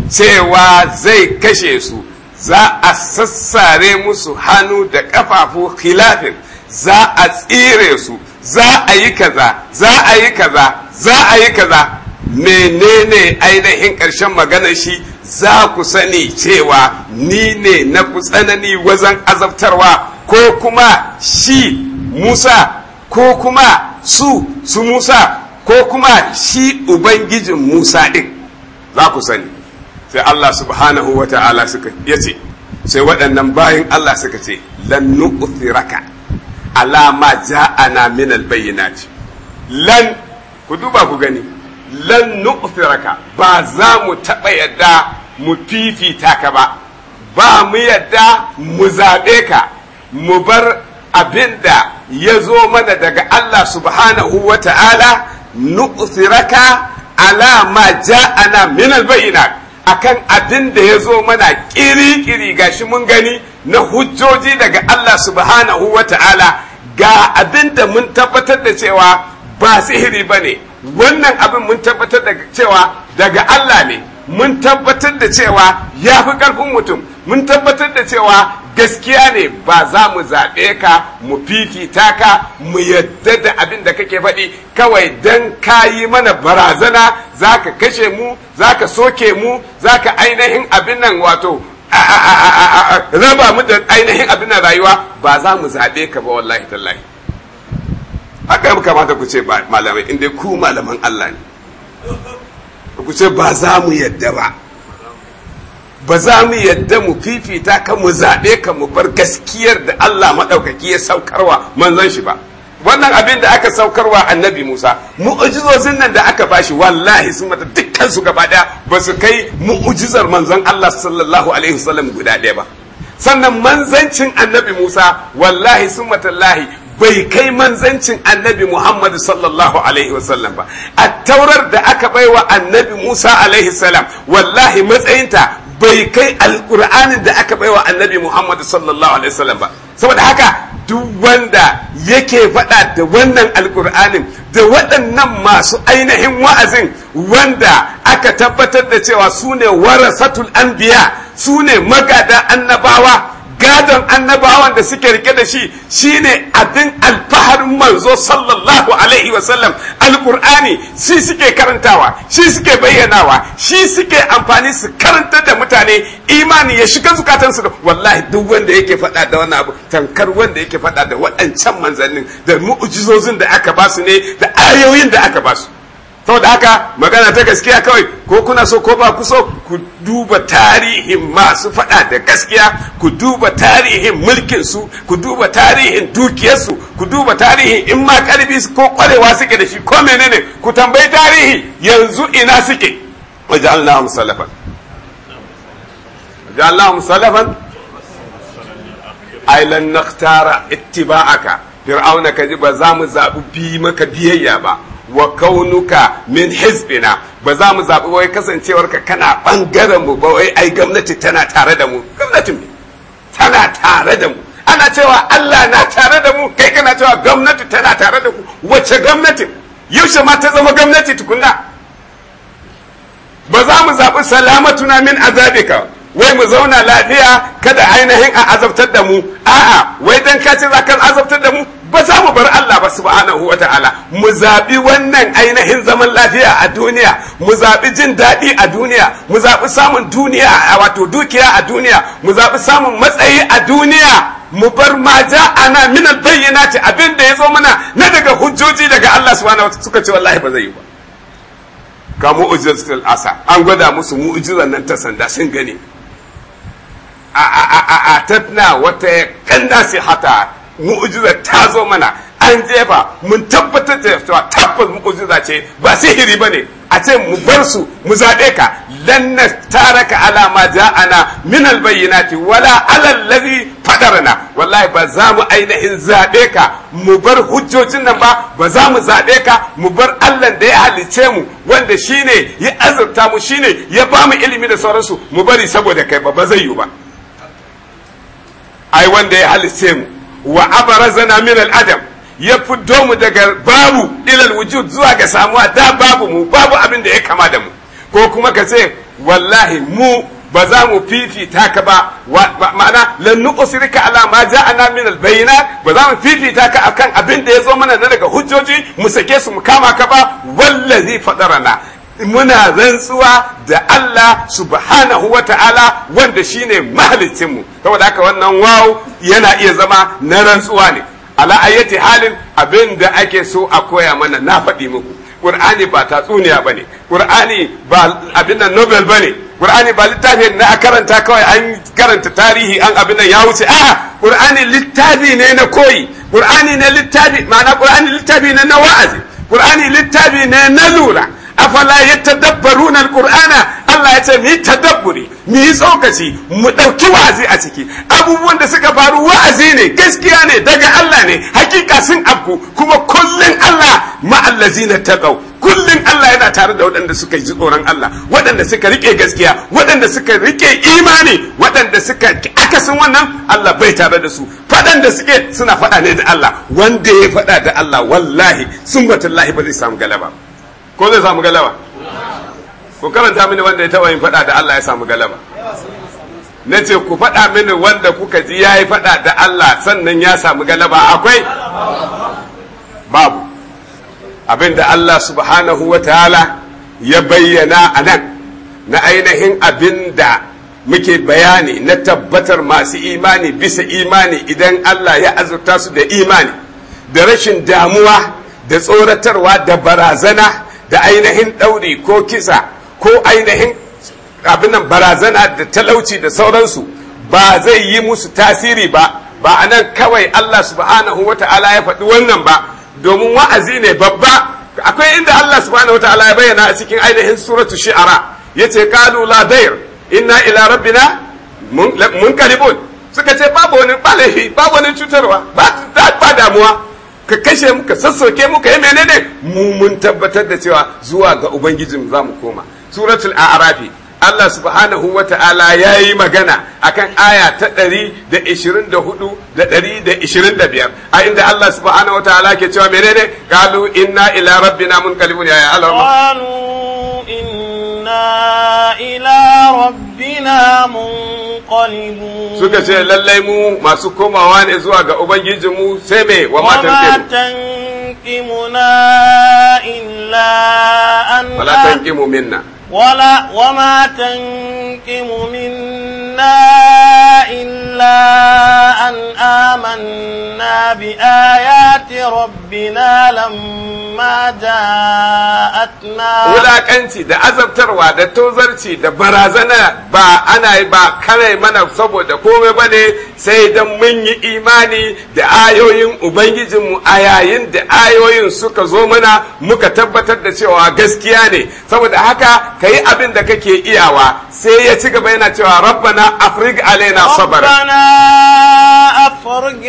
Speaker 1: cewa zai kashe su za a sassare musu hannu da ƙafafu khilafin za a tsire su za a yi kaza za a yi kaza za a yi kaza menene ainihin ƙarshen magana shi za ku sani cewa ni ne na ku tsanani wajen azabtarwa ko kuma shi musa ko kuma su su musa ko kuma shi ubangijin musa ɗin za ku sani sai Allah subhanahu wa ta'ala suka yace sai waɗannan bayan Allah suka ce lan nu'thiraka ala ma ja'ana min albayyinati lan ku duba ku gani lan nu'thiraka ba za mu taɓa yadda mu fifita ka ba ba mu yadda mu zaɓe ka mu bar abin da ya zo mana daga Allah subhanahu wa ta'ala nu'thiraka ala ma ja'ana min albayyinati akan abin da ya zo mana ƙiri-ƙiri gashi mun gani na hujjoji daga Allah subhanahu wa ta'ala ga abin da mun tabbatar da cewa ba sihiri ba ne wannan abin mun tabbatar da cewa daga Allah ne mun tabbatar da cewa ya fi ƙarfin mutum mun tabbatar da cewa gaskiya ne ba za mu zaɓe ka mu fifita ka mu yadda da abin da kake faɗi kawai don ka yi mana barazana za ka kashe mu za ka soke mu za ka ainihin abin nan wato raba mu da ainihin abin nan rayuwa ba za mu zaɓe ka ba wallahi tallahi haka kamata ku ce malamai inda ku malaman Allah ne ku ba za mu yadda ba ba za mu yadda mu fifita kan mu zaɓe kan mu bar gaskiyar da Allah maɗaukaki ya saukarwa manzon shi ba wannan abin da aka saukarwa annabi Musa mu'ujizozin nan da aka bashi wallahi sun mata dukkan su gaba ɗaya ba su kai mu'ujizar manzon Allah sallallahu alaihi wasallam guda ɗaya ba sannan manzancin annabi Musa wallahi sun lahi. bai kai manzancin annabi Muhammad sallallahu alaihi wasallam ba a taurar da aka baiwa annabi Musa alaihi salam wallahi matsayinta bai kai alkur'anin da aka baiwa annabi Muhammad sallallahu alaihi wasallam ba saboda haka duk wanda yake faɗa da wannan alkur'anin da waɗannan masu ainihin wa'azin wanda aka tabbatar da cewa su ne warasatul anbiya su ne magada annabawa gadon annabawan da suke rike da shi shine abin alfaharin manzo sallallahu alaihi wasallam alkur'ani shi suke karantawa shi suke bayyanawa shi suke amfani su karanta da mutane imani ya shiga zukatansu da wallahi duk wanda yake faɗa da wani abu tankar wanda yake faɗa da waɗancan manzannin da mu'ujizozin da aka basu ne da ayoyin da aka basu da haka magana ta gaskiya kawai ko kuna so ko ba ku so ku duba tarihin masu faɗa da gaskiya ku duba tarihin mulkin su ku duba tarihin su ku duba tarihin in ma karbi ko kwarewa suke da shi ko menene ku tambayi tarihi yanzu ina suke wajallahu salafan wajallahu salafan ai lan naktara ittiba'aka fir'auna kaji ba za mu zabi bi maka biyayya ba wa kaunuka min hizbina ba za mu zaɓi wai kasancewarka kana ɓangaren mu ba wai ai gwamnati tana tare da mu gwamnatin mu tana tare da mu ana cewa Allah na tare da mu kai kana cewa gwamnati tana tare da ku wace gwamnati yaushe ma ta zama gwamnati tukunna ba za mu zaɓi salamatuna min azabika wai mu zauna lafiya kada ainihin a azabtar da mu a'a wai dan ka ce za ka azabtar da mu ba za mu bar Allah ba subhanahu wa ta'ala mu zaɓi wannan ainihin zaman lafiya a duniya mu zaɓi jin daɗi a duniya mu zaɓi samun duniya a wato dukiya a duniya mu zaɓi samun matsayi a duniya mu bar maja ja ana min albayyinati abin da ya zo mana na daga hujjoji daga Allah subhanahu wa ta'ala suka ce wallahi ba zai yi ba ga mu'jizatul asa an gwada musu mu'jizan nan ta sanda sun gane a a a a tatna wata kanda hata mu'ujizar ta zo mana an jefa mun tabbatar da cewa tabbas mu'ujiza ce ba sihiri ba ne a ce mu bar su mu zaɓe ka lanna taraka ala ma ja'ana min al bayyinati wala ala allazi fadarna wallahi ba za mu ainihin zabe ka mu bar hujjojin nan ba ba za mu zaɓe ka mu bar Allah da ya halice mu wanda shine ya azurta mu shine ya ba mu ilimi da sauransu mu bari saboda kai ba ba zai yi ba ai wanda ya halice mu wa abarazana min al'adam ya fito mu daga babu ilal wujud zuwa ga samuwa da babu mu babu abin da ya kama da mu ko kuma ka ce wallahi mu ba za mu fifita ka ba ma'ana lan nuqsirka ala ma ja'ana min ba za mu fifita ka akan abin da ya zo mana na daga hujjoji mu sake su mu kama ka ba wallazi fadarana muna rantsuwa da Allah subhanahu wa ta'ala wanda shine mahalicinmu da haka wannan wawo yana iya zama na rantsuwa ne ala ayyati halin abin da ake so a koya mana na faɗi muku ƙur'ani ba tatsuniya ba ne ƙur'ani ba abin nan nobel ba ne ƙur'ani ba littafi na a karanta kawai an karanta tarihi an abin nan ya wuce a ƙur'ani littafi ne na koyi ƙur'ani ne littafi ma'ana ƙur'ani littafi ne na wa'azi ƙur'ani littafi ne na lura afala yatadabbaruna alqur'ana Allah ya ce mu yi tadabburi mu yi tsokaci mu ɗauki wa'azi a ciki abubuwan da suka faru wa'azi ne gaskiya ne daga Allah ne hakika sun abku kuma kullun Allah na taqaw kullun Allah yana tare da waɗanda suka ji tsoron Allah waɗanda suka rike gaskiya waɗanda suka rike imani waɗanda suka akasin wannan Allah bai tare da su da suke suna faɗa ne da Allah wanda ya faɗa da Allah wallahi sun lahi ba zai samu galaba ko zai samu galaba ku karanta mini wanda ya taɓa yin faɗa da Allah ya samu galaba na ku faɗa mini wanda kuka ji yayi yi faɗa da Allah sannan ya samu galaba akwai babu abinda Allah subhanahu wa ta'ala ya bayyana anan na ainihin abinda muke bayani na tabbatar masu imani bisa imani idan Allah ya azurta su da imani da rashin damuwa da tsoratarwa da barazana da ainihin ɗauri ko kisa ko ainihin abinan barazana da talauci da sauransu ba zai yi musu tasiri ba ba a nan kawai Allah subhanahu wa ta'ala ya faɗi wannan ba domin wa'azi ne babba akwai inda Allah subhanahu wa ta'ala ya bayyana a cikin ainihin suratu shi'ara yace qalu la dair inna ila rabbina munqalibun suka ce babu wani cutarwa ba damuwa ka kashe mu ka sassauke mu ka yi menene mu mun tabbatar da cewa zuwa ga ubangijin za mu koma suratul a'rafi Allah subhanahu wa ta'ala ya yi magana akan aya ta ɗari da ishirin da hudu da ɗari da ishirin da biyar a inda Allah subhanahu wa ta'ala ke cewa menene kalu inna ila rabbina mun ya yaya
Speaker 2: Allah ila rabbina munqalibun
Speaker 1: suka ce lallai mu masu komawa ne zuwa ga ubangiji sai me wa matan
Speaker 2: تنقمنا إلا أن منا إلا أن آمنا بآيات ربنا لما جاءتنا
Speaker 1: wulaƙanci da azabtarwa da tozarci da barazana ba ana yi ba kare mana saboda komai ba ne sai don mun yi imani da ayoyin ubangijinmu a yayin da ayoyin suka zo mana muka tabbatar da cewa gaskiya ne saboda haka ka yi abin da kake iyawa sai ya ci gaba yana cewa rabbana أفرج علينا صبرا ربنا أفرج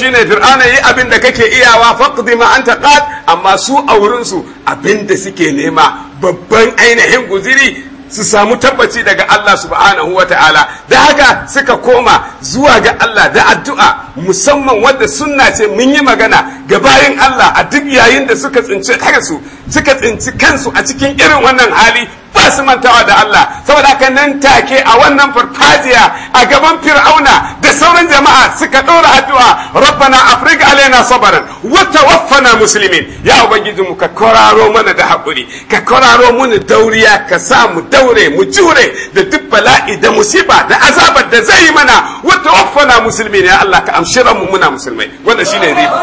Speaker 1: shine fir'auna yi abin da kake iya faqdi ma anta qad amma su a wurin su abin da suke nema babban ainihin guziri su samu tabbaci daga Allah subhanahu wa ta'ala da haka suka koma zuwa ga Allah da addu'a musamman wadda sunna ce mun yi magana ga bayan Allah a duk yayin da suka tsinci kansu suka tsinci kansu a cikin irin wannan hali ba su mantawa da Allah saboda haka nan take a wannan farfajiya a gaban fir'auna da sauran jama'a suka ɗora addu'a rabbana afrika alaina sabaran wa tawaffana muslimin ya ubangiji mu ka koraro mana da haƙuri ka koraro mana dauriya ka sa mu daure mu jure da duk bala'i da musiba da azabar da zai yi mana wa tawaffana muslimin ya Allah ka amshira mu muna musulmai wannan shine riba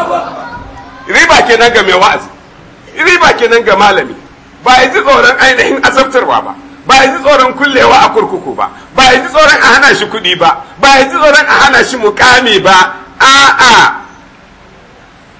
Speaker 1: riba kenan ga mai wa'azi riba kenan ga malami ba ya tsoron ainihin azabtarwa ba ba yi tsoron kullewa a kurkuku ba ba a ji tsoron a hana shi kuɗi ba ba a ji tsoron a hana shi mukami ba a'a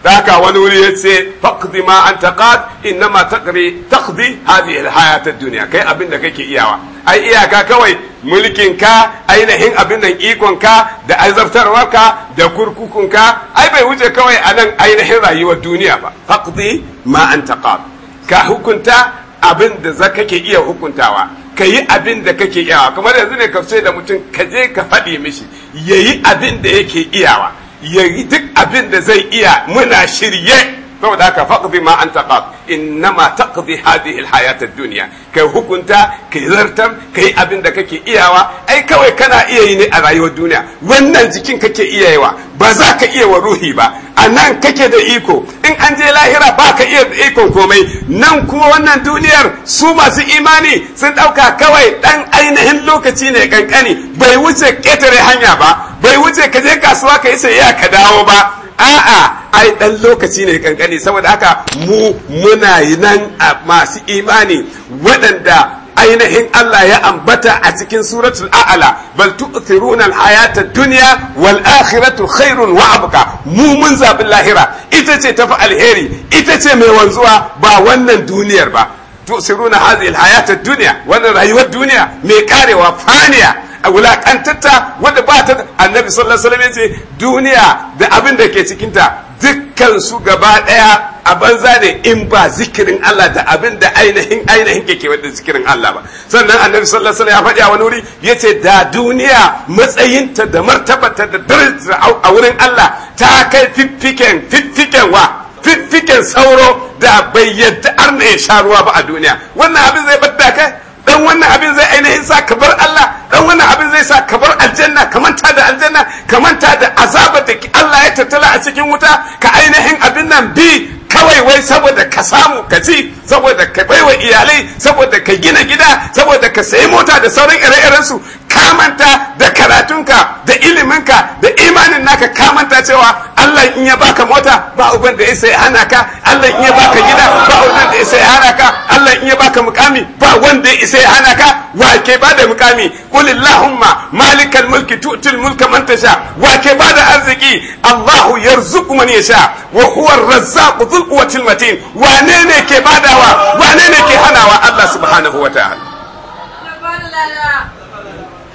Speaker 1: haka wani wuri ya ce faqdi ma an taqad innama taqri taqdi hadhihi alhayat ad duniya kai abin da kake iyawa ai iyaka kawai mulkin ka ainihin abin nan ikon ka da azabtarwar ka da kurkukun ka ai bai wuce kawai a nan ainihin rayuwar duniya ba faqdi ma an taqad ka hukunta abin da zaka iya hukuntawa ka yi abin da kake iyawa kamar yanzu ne ka da mutum ka je ka faɗi mishi ya yi abin da yake iyawa ya yi duk abin da zai iya muna shirye saboda haka faqdi ma anta qad innama taqdi hadhihi alhayat ad-dunya kai hukunta kai zartar kai abin da kake iyawa ai kawai kana iya yi ne a rayuwar duniya wannan jikin kake iyayewa ba za ka iya wa ruhi ba a nan kake da iko in an je lahira ba ka iya ikon komai nan kuma wannan duniyar su masu imani sun ɗauka kawai ɗan ainihin lokaci ne kankani bai wuce ƙetare hanya ba bai wuce ka je kasuwa ka isa iya ka dawo ba a'a ai dan lokaci ne kankani saboda haka mu muna nan a masu imani waɗanda ainihin Allah ya ambata a cikin suratul Aala bal tu'thiruna al-hayata dunya wal akhiratu khairun wa abqa mu mun zabi lahira ita ce tafi alheri ita ce mai wanzuwa ba wannan duniyar ba tu'thiruna hadhihi al-hayata dunya wannan rayuwar duniya mai karewa faniya a wulakantarta wanda ba ta annabi sallallahu alaihi wasallam ce duniya da abin da ke cikinta dukkan su gaba daya a banza ne in ba zikirin Allah da abin da ainihin ainihin ke ke wadda zikirin Allah ba sannan annabi sallallahu alaihi wasallam ya faɗi a wani wuri yace da duniya matsayinta da martabarta da darajar a wurin Allah ta kai fiffiken fiffiken wa fiffiken sauro da bai yadda arna ya sha ruwa ba a duniya wannan abin zai bada kai dan wannan abin zai ainihin sa ka bar Allah dan wannan abin zai sa ka bar aljanna ka manta da aljanna ka manta da azabar da Allah ya tattala a cikin wuta ka ainihin abin nan bi kawai wai saboda ka samu ka ci saboda ka baiwa iyalai saboda ka gina gida saboda ka sayi mota da sauran ire-irensu kamanta da karatunka da iliminka da imanin naka kamanta cewa Allah in ya baka mota ba uban da isa ya hana ka Allah in ya baka gida ba uban da isa ya hana ka Allah in ya baka mukami ba wanda isa ya hana ka wake ba da mukami qul allahumma malikal mulki tu'til mulka man tasha wake ba da arziki Allahu yarzuqu man yasha wa huwa ar-razzaqu dhul quwwatil matin wane ne ke badawa wane ne ke hanawa Allah subhanahu wa ta'ala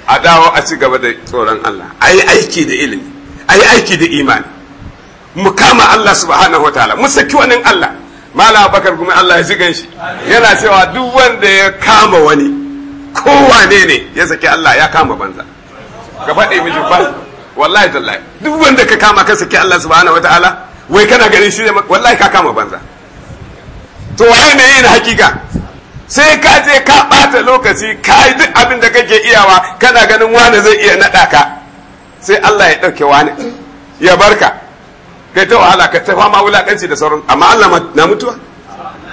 Speaker 1: a dawo a ci gaba da tsoron Allah a yi aiki da ilimi a yi aiki da imani mu kama Allah subhanahu wataala mu saki wani Allah mala bakar kuma Allah ya zigan shi yana cewa duk wanda ya kama wani kowane ne ya saki Allah ya kama banza ka faɗi miji ba wallahi tallahi duk wanda ka kama ka saki Allah subhanahu wataala wai kana ganin shi wallahi ka kama banza to wai ne yin hakika sai ka je ka ɓata lokaci ka yi duk abin da kake iyawa kana ganin wani zai iya naɗa ka sai Allah ya ɗauke wani ya barka kai ta wahala ka tafa ma wulaƙanci da sauran amma Allah na mutuwa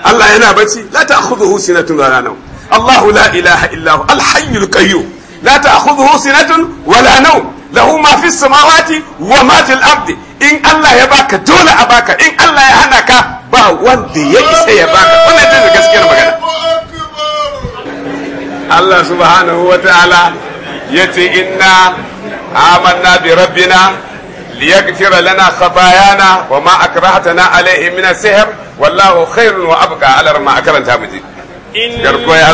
Speaker 1: Allah yana bacci la ta'khudhuhu sinatun wala nawm Allahu la ilaha illa hu al-hayyul qayyum la ta'khudhuhu sinatun wala nawm lahu ma fis samawati wa ma fil ardi in Allah ya baka dole a baka in Allah ya hana ka ba wanda ya isa ya baka wannan ita gaskiyar magana الله سبحانه وتعالى يتي إنا آمنا بربنا ليغفر لنا خطايانا وما أكرهتنا عليه من السحر والله خير وأبقى على ما أكرمت مجيد إنا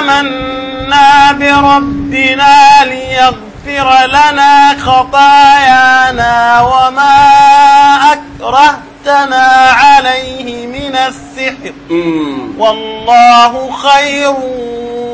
Speaker 2: آمنا بربنا ليغفر لنا خطايانا وما أكرهتنا ما عليه من السحر والله خير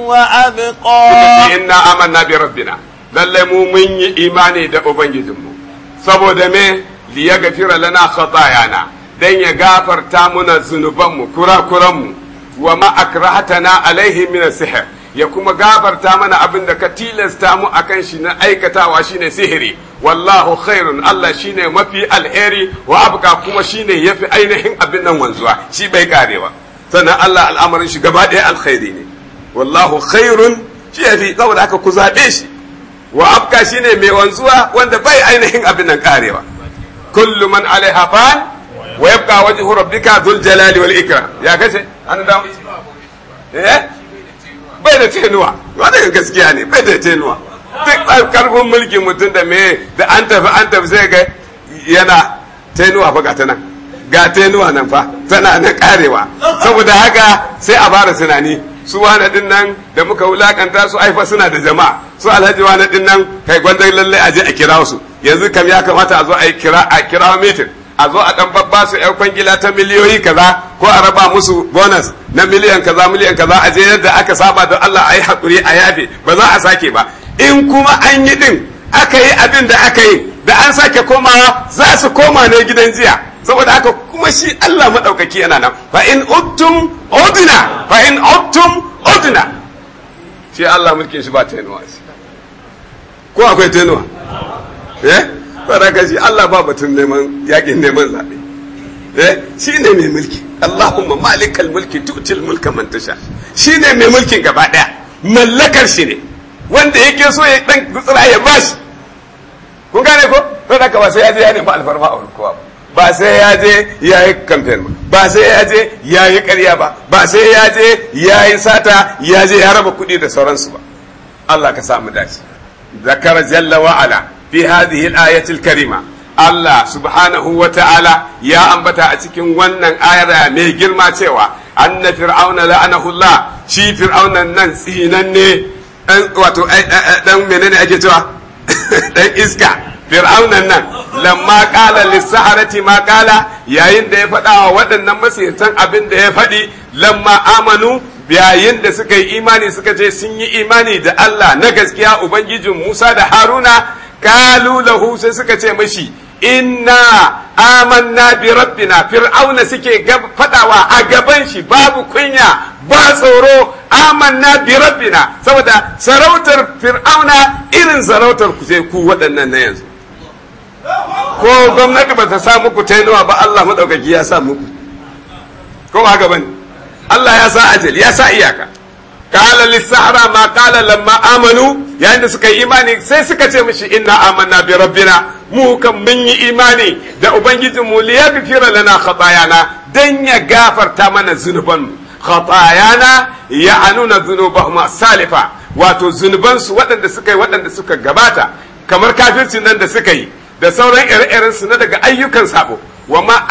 Speaker 1: وأبقى إنا آمنا بربنا lallai mu mun yi imani da Ubangijinmu, saboda me liya gafira lana khatayana don ya gafarta muna zunubanmu mu. wa ma'akrahatana alaihi min sihir ya kuma gabarta mana abin da ka tilasta mu akan shi na aikatawa shine sihiri wallahu khairun Allah shine mafi alheri wa abuka kuma shine yafi ainihin abin nan wanzuwa shi bai karewa sannan Allah al'amarin shi gaba ɗaya alkhairi ne wallahu khairun shi yafi saboda aka ku zabe shi wa abka shine mai wanzuwa wanda bai ainihin abin nan karewa kullu man alaiha fan wa yabqa wajhu rabbika dhul jalali wal ikram ya kace an da eh bai da tenuwa wannan gaskiya ne bai da tenuwa duk karfin mulkin mutum da me da an tafi an tafi sai ga yana tenuwa fa ga ta ga tenuwa nan fa tana na karewa saboda haka sai a fara tunani su wani din nan da muka wulakanta su aifa suna da jama'a su alhaji wani din nan kai gwandar lalle a je a kira su yanzu kam ya kamata a zo a kira a kira meeting a zo a ɗan babba su yan kwangila ta miliyoyi kaza ko a raba musu bonus na miliyan kaza miliyan kaza a je yadda aka saba da Allah a yi hakuri a yafe ba za a sake ba in kuma an yi ɗin aka yi abin da aka yi da an sake komawa za su koma ne gidan jiya saboda aka kuma shi Allah maɗaukaki yana nan fa in uttum udna fa in shi Allah mulkin shi ba ta ko akwai tenuwa eh ka shi Allah ba batun neman yakin neman zaɓe eh shi ne mai mulki Allahumma malikal mulki tu'til mulka man tasha shi ne mai mulkin gaba daya mallakar shi ne wanda yake so ya dan gutsura ya bashi kun gane ko saboda ka ba sai ya je ya nemi alfarma a wurin kowa ba sai ya je ya yi kamfen ba sai ya je ya yi karya ba ba sai ya je ya yi sata ya je ya raba kuɗi da sauransu ba Allah ka samu dace zakar jalla wa'ala fi hadhihi al karima Allah subhanahu wa ta'ala ya ambata a cikin wannan ayar mai girma cewa anna fir'auna la'anahullah shi fir'aunan nan tsinanne dan wato dan menene ake cewa dan iska fir'aunan nan lamma qala lis-saharati yayin da ya faɗa wa waɗannan masirtan abin da ya faɗi lamma amanu yayin da suka yi imani suka ce sun yi imani da Allah na gaskiya ubangijin Musa da Haruna kalu lahu sai suka ce mashi inna amanna bi rabbina fir'auna suke fadawa a gaban shi babu kunya ba tsoro amanna bi rabbina saboda sarautar fir'auna irin sarautar ku sai ku waɗannan na yanzu ko gwamnati ba ta sa muku tainuwa ba Allah madaukaki ya sa muku ko ba gaban Allah ya sa ajali ya sa iyaka qala lis-sahara ma qala lamma amanu yayin da suka yi imani sai suka ce mishi inna amanna bi rabbina mu kan mun yi imani da ubangijin mu li yaghfira lana khatayana dan ya gafarta mana zunuban mu khatayana ya'anuna dhunubahum salifa wato zunuban su waɗanda suka yi waɗanda suka gabata kamar kafircin nan da suka yi da sauran ire-iren su na daga ayyukan sabo wa ma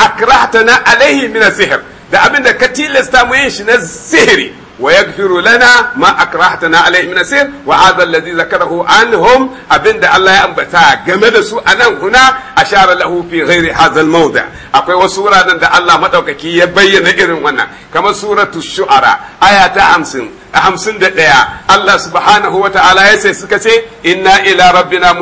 Speaker 1: na alaihi min sihir da abinda ka tilasta mu yin shi na sihiri ويغفر لنا ما اكرهتنا عليه من السير وهذا الذي ذكره عنهم ابن ده الله يانبتا game da su anan huna ashara lahu fi ghairi hadha almawdi akwai wasu suratan da Allah madaukaki ya bayyana irin wannan kamar suratu shu'ara aya ta 50 51 Allah subhanahu wa sai suka ce inna ila rabbina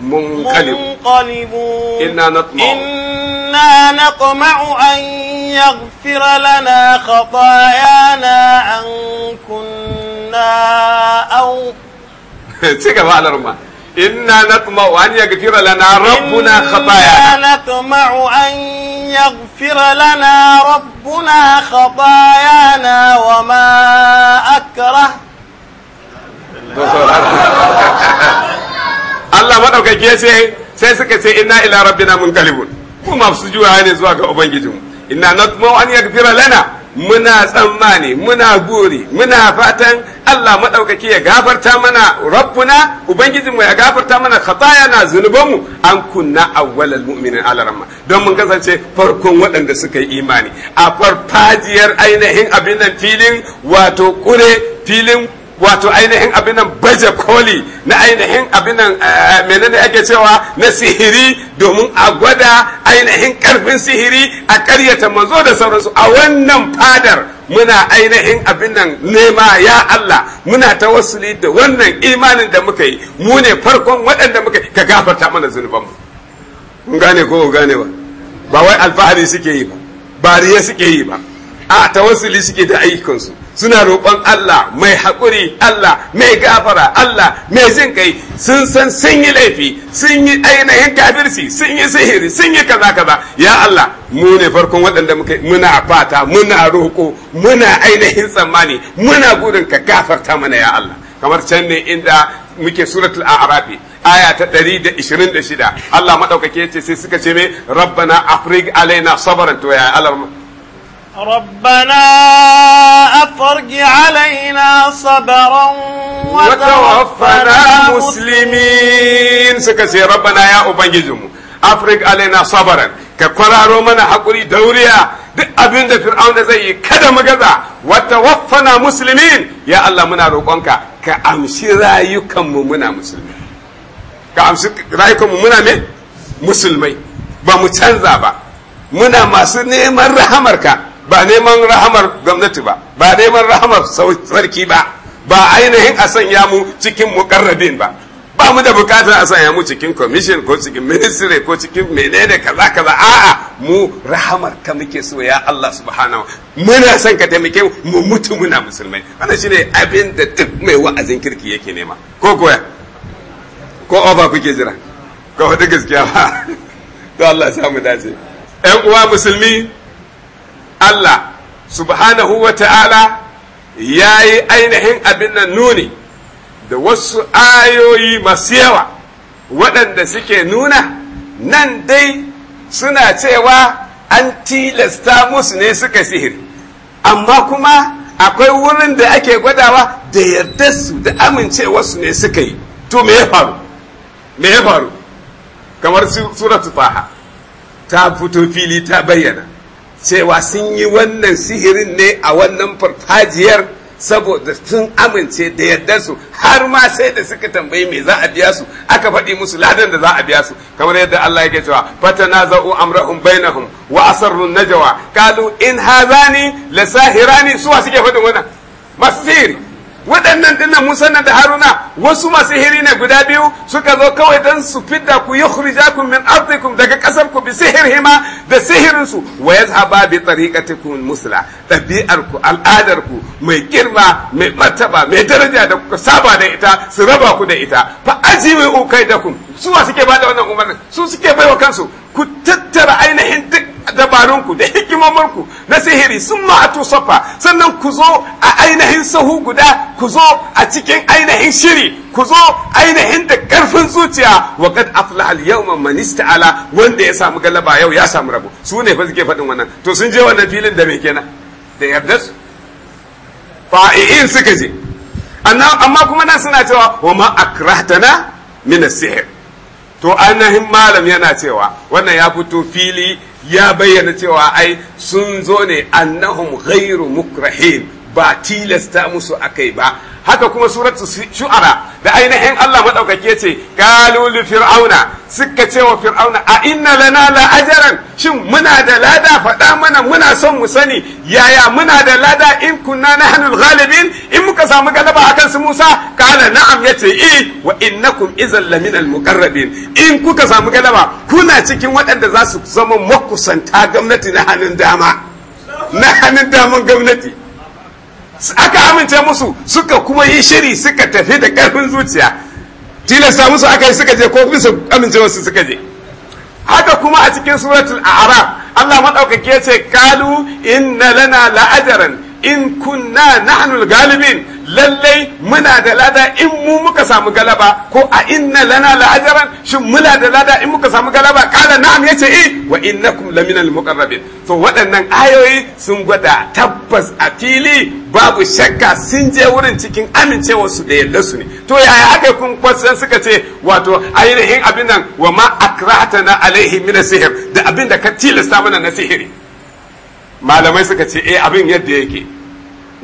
Speaker 2: منقلبون
Speaker 1: إنا نطمع
Speaker 2: إنا نطمع أن يغفر لنا خطايانا أن كنا أو
Speaker 1: *laughs* سيكا فعلا رمان إنا نطمع أن يغفر لنا ربنا خطايانا
Speaker 2: إنا نطمع أن يغفر لنا ربنا خطايانا وما أكره
Speaker 1: *laughs* Allah maɗaukaki ya ce sai suka ce inna ila rabbina munqalibun mu su juwa ne zuwa ga ubangijin inna natma an yaghfira lana muna tsammani muna guri muna fatan Allah maɗaukaki ya gafarta mana rabbuna mu ya gafarta mana khatayana mu an kunna awwalal mu'minin rahma don mun kasance farkon waɗanda suka yi imani a farfajiyar ainihin abin nan filin wato kure filin wato ainihin abin nan baje koli na ainihin abin nan eh, eh, menene ake cewa na sihiri domin a gwada ainihin karfin sihiri a karyata manzo da sauransu a wannan fadar muna ainihin abin nan nema ya Allah muna tawassuli da wannan imanin da muka yi mu ne farkon waɗanda muka ka gafarta mana zunubanmu mun gane ko gane ba ba wai alfahari suke yi ba bariye suke yi ba a tawassuli suke da ayyukansu suna roƙon Allah mai haƙuri Allah mai gafara Allah mai jin kai sun san sun yi laifi sun yi ainihin kafirci sun yi sihiri sun yi kaza kaza ya Allah mu ne farkon waɗanda muka muna fata muna roƙo muna ainihin tsammani muna gudun ka gafarta mana ya Allah kamar can ne inda muke suratul a'rafi aya ta 126 Allah madaukake ce sai suka ce me rabbana afrig alaina sabran to ya Allah
Speaker 2: ربنا أفرج علينا صبرا وتوفنا
Speaker 1: مسلمين سكسي ربنا يا أبنجزم أفرج علينا صبرا حقري دوريا duk abin da fir'auna zai yi kada mu wata waffana musulmin ya Allah muna roƙonka ka amshi rayukanmu muna musulmi ka amshi rayukanmu muna me musulmai ba mu canza ba muna masu neman rahamarka ba neman rahamar gwamnati ba ba neman rahamar sarki ba ba ainihin a sanya mu cikin mukarrabin ba ba mu da bukatar a sanya mu cikin commission ko cikin ministry ko cikin menene kaza kaza a'a mu rahamar ka muke so ya Allah subhanahu muna son ka taimake mu mutu muna musulmai wannan shine abin da duk mai wa'azin kirki yake nema ko koya ko oba kuke jira ko wata gaskiya ba *laughs* to Allah ya samu dace ɗan uwa musulmi Allah subhanahu wa ta'ala ya yi ainihin abin nan nuni da wasu ayoyi masu yawa waɗanda suke nuna nan dai suna cewa an tilasta musu ne suka sihiri amma kuma akwai wurin da ake gwadawa da yarda su da su ne suka yi to me ya faru me ya faru kamar suratu faha ta fito fili ta bayyana cewa sun yi wannan sihirin ne a wannan farfajiyar saboda sun amince da yardarsu har ma sai da suka tambayi me za a biya su aka faɗi musu ladan da za a biya su kamar yadda Allah yake cewa za'u amrahum bainahum wa asarru najwa qalu in hazani lasahirani suwa suke faɗin wannan masiri waɗannan dinnan Musa da Haruna wasu masu hiri ne guda biyu suka zo kawai don su fidda ku yukhrijakum min ardikum daga ƙasar ku bi sihirhima da sihirin su wa yazhaba bi tariqatikum musla ɗabi'ar ku al'adar ku mai girma mai martaba mai daraja da kuka saba da ita su raba ku da ita fa ajiwi ukai da kun suke bada wannan umarnin su suke baiwa kansu ku tattara ainihin duk dabarunku da hikimomarku na sihiri sun ma'atu safa sannan ku zo a ainihin sahu guda ku zo a cikin ainihin shiri ku zo ainihin da karfin zuciya wa kad afla al yawma man ala wanda ya samu galaba yau ya samu rabo su ne fa suke faɗin wannan to sun je wannan filin da me kenan da yarda su suka je amma kuma nan suna cewa wa ma akrahtana min as to ainihin malam yana cewa wannan ya fito fili ya bayyana cewa ai sun zo ne annahum ghairu mukrahin ba tilasta musu akai ba haka kuma suratu shu'ara da ainihin Allah madaukake ce qalu li fir'auna suka ce wa fir'auna a inna lana la ajran shin muna da lada faɗa mana muna son mu sani yaya muna da lada in kunna nahnu ghalibin in muka samu galaba akan su Musa kana na'am yace i eh, wa innakum idhal laminal muqarrabin in kuka samu galaba kuna cikin waɗanda za su zama makusanta gwamnati na hannun dama na hannun daman gwamnati aka amince musu suka kuma yi shiri suka tafi da karfin zuciya tilasta musu aka yi suka je ko bisa amince musu suka je haka kuma a cikin suratul a'raf Allah madaukake ce kalu inna lana la'ajaran in kunna nahnu galibin lallai muna da lada in mu muka samu galaba ko a inna lana la'ajaran shin muna da lada in muka samu galaba kala na'am yace eh wa innakum laminal muqarrabin to waɗannan ayoyi sun gwada tabbas a fili babu shakka sun je wurin cikin amincewa su da yalla su ne to yaya aka kun kwatsan suka ce wato ainihin abin nan wa ma akratana alaihi min sihir da abin da ka tilasta mana na sihiri malamai suka ce eh abin yadda yake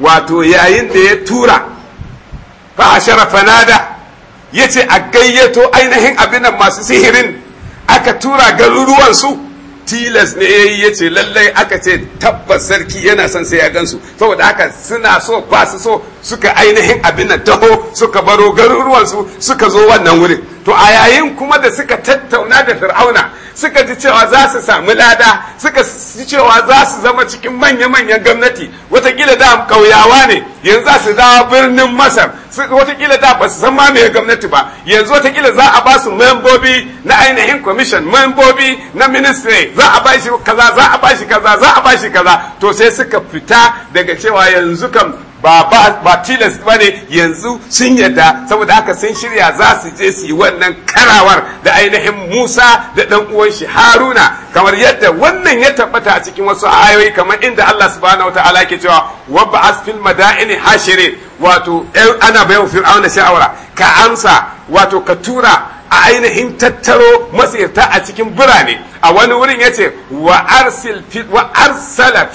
Speaker 1: wato yayin da ya tura a sharafa nada ya ce a gayyato ainihin abinan masu sihirin aka tura garuruwansu tilas ne ya ce lallai aka ce tabbas sarki yana son sai ya gansu saboda haka suna so ba su so suka ainihin abin da taho suka baro garuruwansu suka zo wannan wurin to a yayin kuma da suka tattauna da fir'auna suka ji cewa za su samu lada suka ji cewa za su zama cikin manya-manyan gwamnati watakila da kauyawa ne yanzu za su dawo birnin masar watakila da basu su san ma gwamnati ba yanzu watakila za a ba su membobi na ainihin commission membobi na ministry za a ba shi kaza za a ba shi kaza za a ba shi kaza to sai suka fita daga cewa yanzu kam ba ba tilas ba ne yanzu sun yadda saboda haka sun shirya za su je su yi wannan karawar da ainihin Musa da ɗan uwan shi Haruna kamar yadda wannan ya tabbata a cikin wasu ayoyi kamar inda Allah subhanahu wataala ke cewa wa ba'as fil madaini hashirin wato eh, ana bayan fir'auna sha'awara ka amsa wato ka tura a ainihin tattaro masirta a cikin birane a wani wurin ya ce wa arsala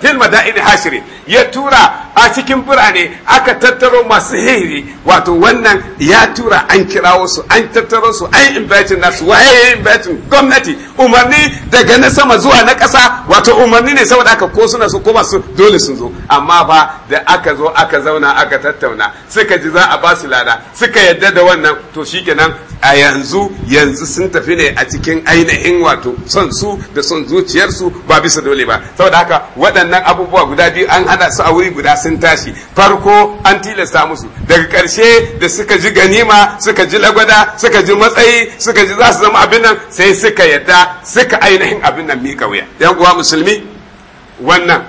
Speaker 1: fil madaini hashiri ya tura a cikin birane aka tattaro masu hiri wato wannan ya tura an kirawo su an tattaro su an inviting nasu waye ya inviting gwamnati umarni daga na sama zuwa na ƙasa wato umarni ne saboda aka ko suna su ko su dole sun zo amma fa da aka zo aka zauna aka tattauna suka ji za a ba su lada suka yadda da wannan to shikenan a yanzu yanzu sun tafi ne a cikin ainihin wato son su da son zuciyarsu ba bisa dole ba saboda haka waɗannan abubuwa guda biyu an hada su a wuri guda sun tashi farko an tilasta musu daga ƙarshe da suka ji ganima suka ji lagwada suka ji matsayi suka ji za su zama abin nan sai suka yadda suka ainihin abin nan miƙa wuya yan uwa musulmi wannan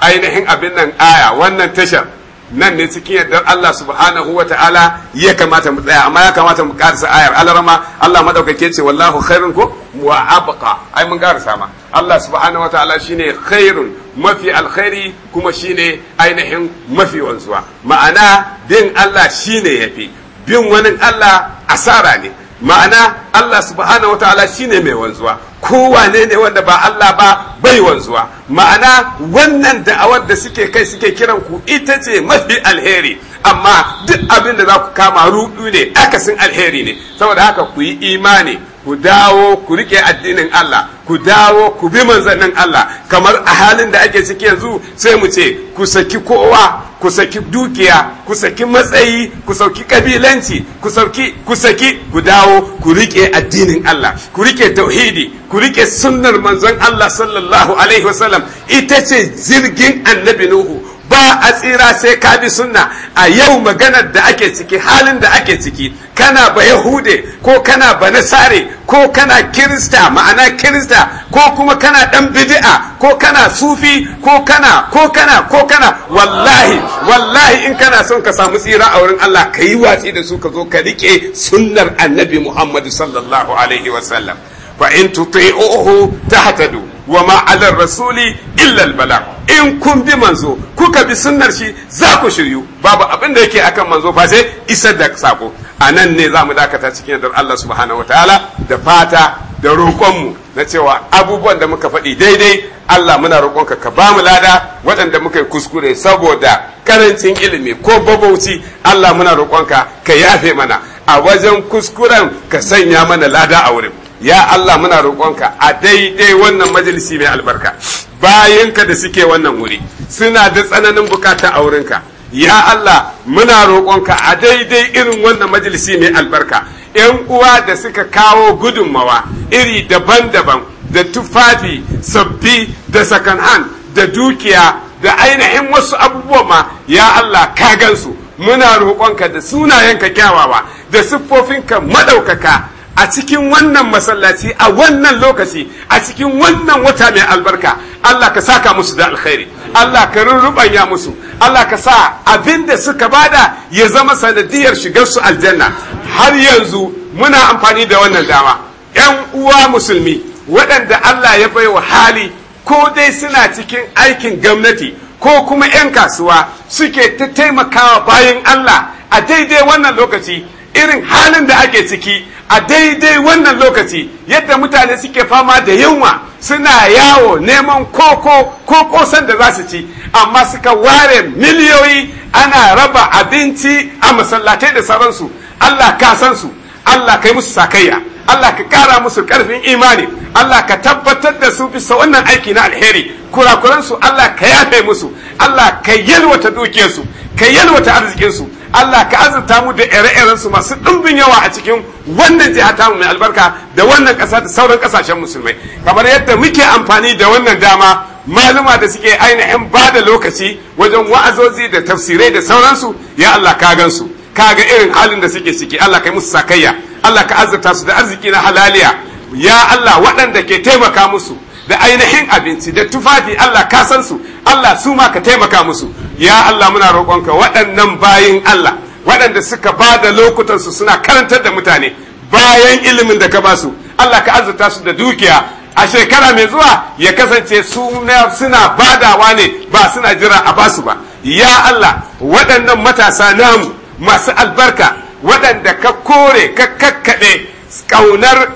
Speaker 1: ainihin abin nan aya wannan tashar nan ne cikin yadda Allah subhanahu wa ta'ala ya kamata mu tsaya amma ya kamata mu karisa ayar alarma Allah madaukake ce wallahu khairun ko wa abqa ai mun karisa ma Allah subhanahu wa ta'ala shine khairun mafi alkhairi kuma shine ainihin mafi wanzuwa ma'ana bin Allah shine yafi bin wani Allah asara ne ma'ana Allah subhanahu ta'ala shine mai wanzuwa kowane ne wanda ba Allah ba bai wanzuwa ma'ana wannan da'awar da suke kai suke kiran ku ita ce mafi alheri amma duk abin da za ku kama rudu ne akasin alheri ne saboda haka ku yi imani ku dawo ku rike addinin Allah ku dawo ku bi manzannin Allah kamar a halin da ake ciki yanzu sai mu ce ku saki kowa ku saki dukiya ku saki matsayi ku sauki kabilanci ku sauki ku saki ku dawo ku rike addinin Allah ku rike tauhidi ku rike sunnar manzon Allah sallallahu alaihi wasallam ita ce jirgin annabi Nuhu ba a tsira sai ka bi sunna a yau maganar da ake ciki halin da ake ciki kana ba yahude ko kana ba nasare ko kana kirista ma'ana kirista ko kuma kana dan bid'a ko kana sufi ko kana ko kana ko kana wallahi wallahi in kana son ka samu tsira a wurin Allah ka yi watsi da su ka zo ka rike sunnar annabi Muhammad sallallahu alaihi wasallam fa in tuti'uhu tahtadu wa ma alar rasuli illa bala in kun bi manzo kuka bi sunnar shi za ku shiryu babu abin da yake akan manzo fa sai isar da sako anan ne za mu dakata cikin dar Allah subhanahu wataala da fata da roƙonmu na cewa abubuwan da muka faɗi daidai Allah muna roƙonka ka ba mu lada waɗanda muka yi kuskure saboda karancin ilimi ko babauci Allah muna roƙonka ka yafe mana a wajen kuskuren ka sanya mana lada a wurin ya Allah muna roƙonka a daidai wannan majalisi mai albarka bayanka da suke wannan wuri suna da tsananin bukata a wurinka ya Allah muna roƙonka a daidai irin wannan majalisi mai albarka ‘yan uwa da suka kawo gudunmawa iri daban-daban da tufafi sabbi da second hand da dukiya da ainihin wasu abubuwa ma ya Allah ka gansu muna roƙonka da sunayenka kyawawa da siffofinka maɗaukaka a cikin wannan masallaci a wannan lokaci a cikin wannan wata mai albarka Allah ka saka musu da alkhairi Allah ka rurrubanya musu Allah ka sa abin da suka bada ya zama sanadiyar shigar su aljanna har yanzu muna amfani da wannan dama yan uwa musulmi waɗanda Allah ya bai wa hali ko dai suna cikin aikin gwamnati ko kuma 'yan kasuwa suke ta taimakawa bayan Allah a daidai wannan lokaci irin halin da ake ciki a daidai wannan lokaci yadda mutane suke fama da yunwa suna yawo neman koko ko kosan da za su ci amma suka ware miliyoyi ana raba abinci a masallatai da sauransu Allah ka san su Allah kai musu sakayya Allah ka kara musu karfin imani Allah ka tabbatar da su bisa wannan aiki na alheri kurakuransu Allah ka yafe musu Allah ka yalwata dukiyarsu ka yalwata arzikinsu Allah ka azurta mu da ire-iren su masu ɗumbin yawa a cikin wannan jiha ta mu mai albarka da wannan ƙasa da sauran ƙasashen musulmai kamar yadda muke amfani da wannan dama maluma da suke ainihin ba da lokaci wajen wa'azozi da tafsirai da sauransu ya Allah ka gan su ka ga irin halin da suke ciki Allah ka yi musu sakayya Allah ka azurta su da arziki na halaliya ya Allah waɗanda ke taimaka musu da ainihin abinci da tufafi Allah ka san su Allah su ma ka taimaka musu ya Allah muna roƙonka waɗannan bayin Allah waɗanda suka ba da lokutansu suna karantar da mutane bayan ilimin da ka ba su Allah ka azurta su da dukiya a shekara mai zuwa ya kasance suna badawa ne ba suna jira a basu ba ya Allah waɗannan matasa namu masu albarka waɗanda ka kore ka kakkaɗe ƙaunar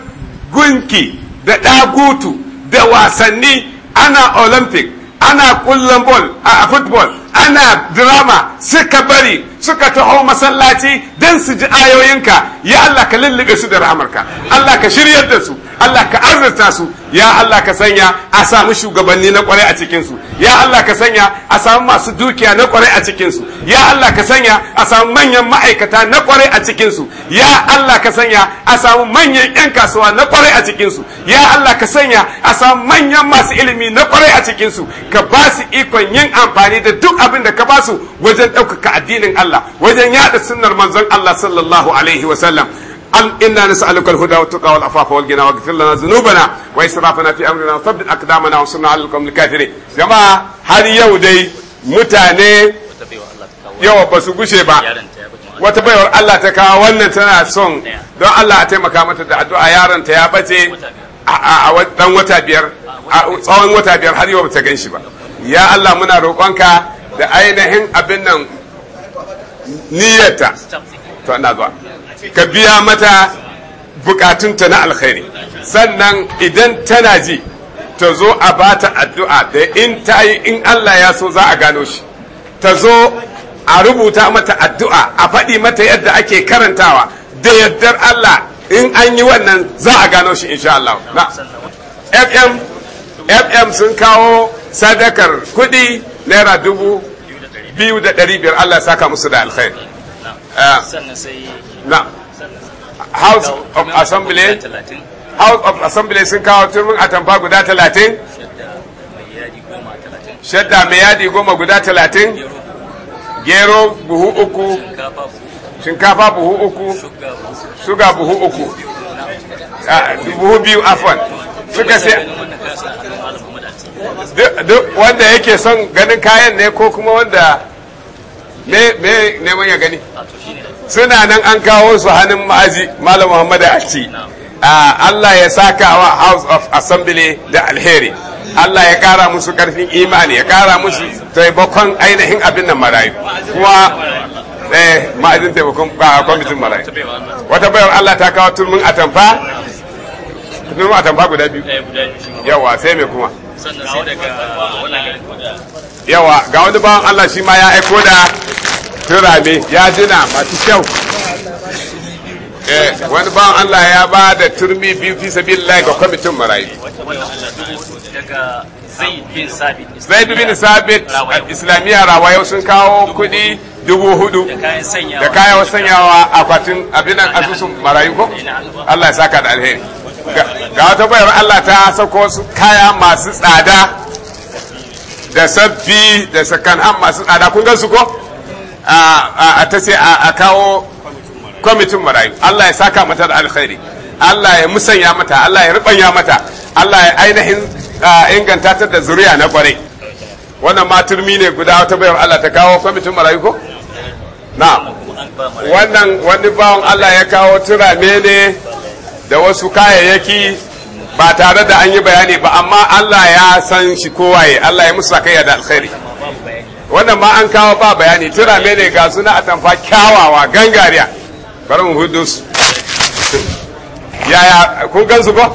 Speaker 1: gunki da ɗagutu da wasanni ana olympic ana kullum bol a football ana drama suka bari suka taho masallaci don su ji ayoyinka ya Allah ka lullube su da rahamarka Allah ka shiryar da su Allah ka arzata su ya Allah ka sanya a samu shugabanni na kwarai a cikin su ya Allah ka sanya a samu masu dukiya na kwarai a cikin su ya Allah ka sanya a samu manyan ma'aikata na kwarai a cikin su ya Allah ka sanya a samu manyan yan kasuwa na kwarai a cikin su ya Allah ka sanya a samu manyan masu ilimi na kwarai a cikin su ka ba su ikon yin amfani da duk abin da ka ba su wajen ɗaukaka addinin Allah wajen yaɗa sunnar manzon Allah sallallahu alaihi wa sallam إنا نسألك الهدى والتقى والعفاف والغنى واغفر لنا ذنوبنا وإسرافنا في أمرنا وثبت أقدامنا وانصرنا على القوم الكافرين جماعة هل يودي متاني yawa ba su gushe ba wata baiwar Allah ta kawo wannan tana son don Allah a taimaka mata da addu'a yaron ta ya bace a dan wata biyar tsawon wata biyar har yau ta ganshi ba ya Allah muna roƙonka da ainihin abin nan niyyarta to ka biya mata bukatunta na alkhairi sannan idan tana ji ta zo a ba ta addu'a da in ta yi in Allah ya so za a gano shi ta zo a rubuta mata addu'a a faɗi mata yadda ake karantawa da yaddar Allah in an yi wannan za a gano shi insha Allah na fm fm sun kawo sadakar kudi naira dubu biyu da ɗari biyar Allah saka musu da alkhairi ah.
Speaker 2: sannan sai
Speaker 1: na house of assembly house of assembly sun kawo turmin atamfa guda talatin shadda mai yadi goma guda talatin gero buhu uku shinkafa buhu uku suga buhu uku ah, buhu biyu afon suka sai duk wanda yake son ganin kayan ne ko kuma wanda me neman ya gani suna nan an kawo su hannun ma'aji malam muhammadu akci Allah ya saka wa house of assembly da alheri Allah ya kara musu karfin imani ya kara musu taimakon ainihin abin nan marayu kuma eh ma'ajin taimakon kwamitin marayu wata bayan Allah ta kawo turmin atamfa turmin atamfa guda biyu eh, yawa sai mai kuma yawa ga wani bawan Allah shi ma ya aiko da turame ya jina masu kyau eh, wani bawan Allah ya ba da turmi biyu fi sabi lai ga kwamitin marayu zaid bin sabit islamiyya rawaye sun kawo kudi dubu hudu da kayan sanyawa akwatin abinan asusun marayu ko Allah ya saka da alheri ga wata bayar Allah ta sauko kaya masu tsada da sabbi da sakan masu tsada kun gan su ko a ta sai a kawo kwamitin marayu Allah ya saka mata da alkhairi Allah ya musanya mata Allah ya rubanya mata Allah ya ainihin inganta ta da zuriya na kwarai wannan maturmi ne guda wata bayan Allah ta kawo kwamitin marayu ko na wannan wani bawan Allah ya kawo turame ne da wasu kayayyaki ba tare da an yi bayani ba amma Allah ya san shi kowaye Allah ya musu sakayya da alkhairi wannan ma an kawo ba bayani turame ne ga suna a tamfa kyawawa gangariya bari mu hudu su yaya kun gansu ba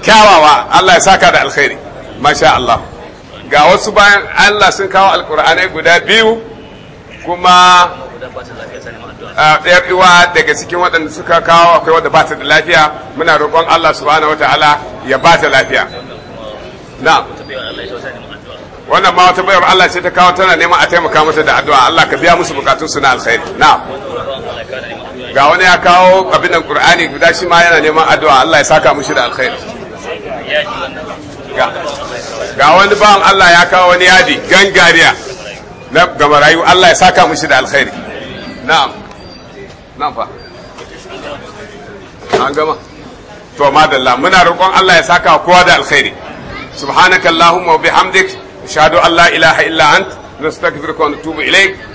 Speaker 1: kyawawa Allah ya saka da alkhairi masha Allah ga wasu bayan Allah sun kawo alkur'ani guda biyu kuma ɗayar daga cikin waɗanda suka kawo akwai wadda ba ta da lafiya muna roƙon Allah subhanahu ta'ala ya ba ta lafiya na wannan ma wata bayar Allah ce ta kawo tana neman a taimaka mata da addu'a Allah ka biya musu bukatun su na alkhairi na ga wani ya kawo abin da Qur'ani guda shi ma yana neman addu'a Allah ya saka mushi da alkhairi ga wani bawan Allah ya kawo wani yadi gangariya na Allah ya saka mushi da alkhairi na'am na'am fa an gama to madalla muna roƙon Allah ya saka kowa da alkhairi subhanakallahumma wa bihamdika أشهد أن لا إله إلا أنت نستغفرك ونتوب إليك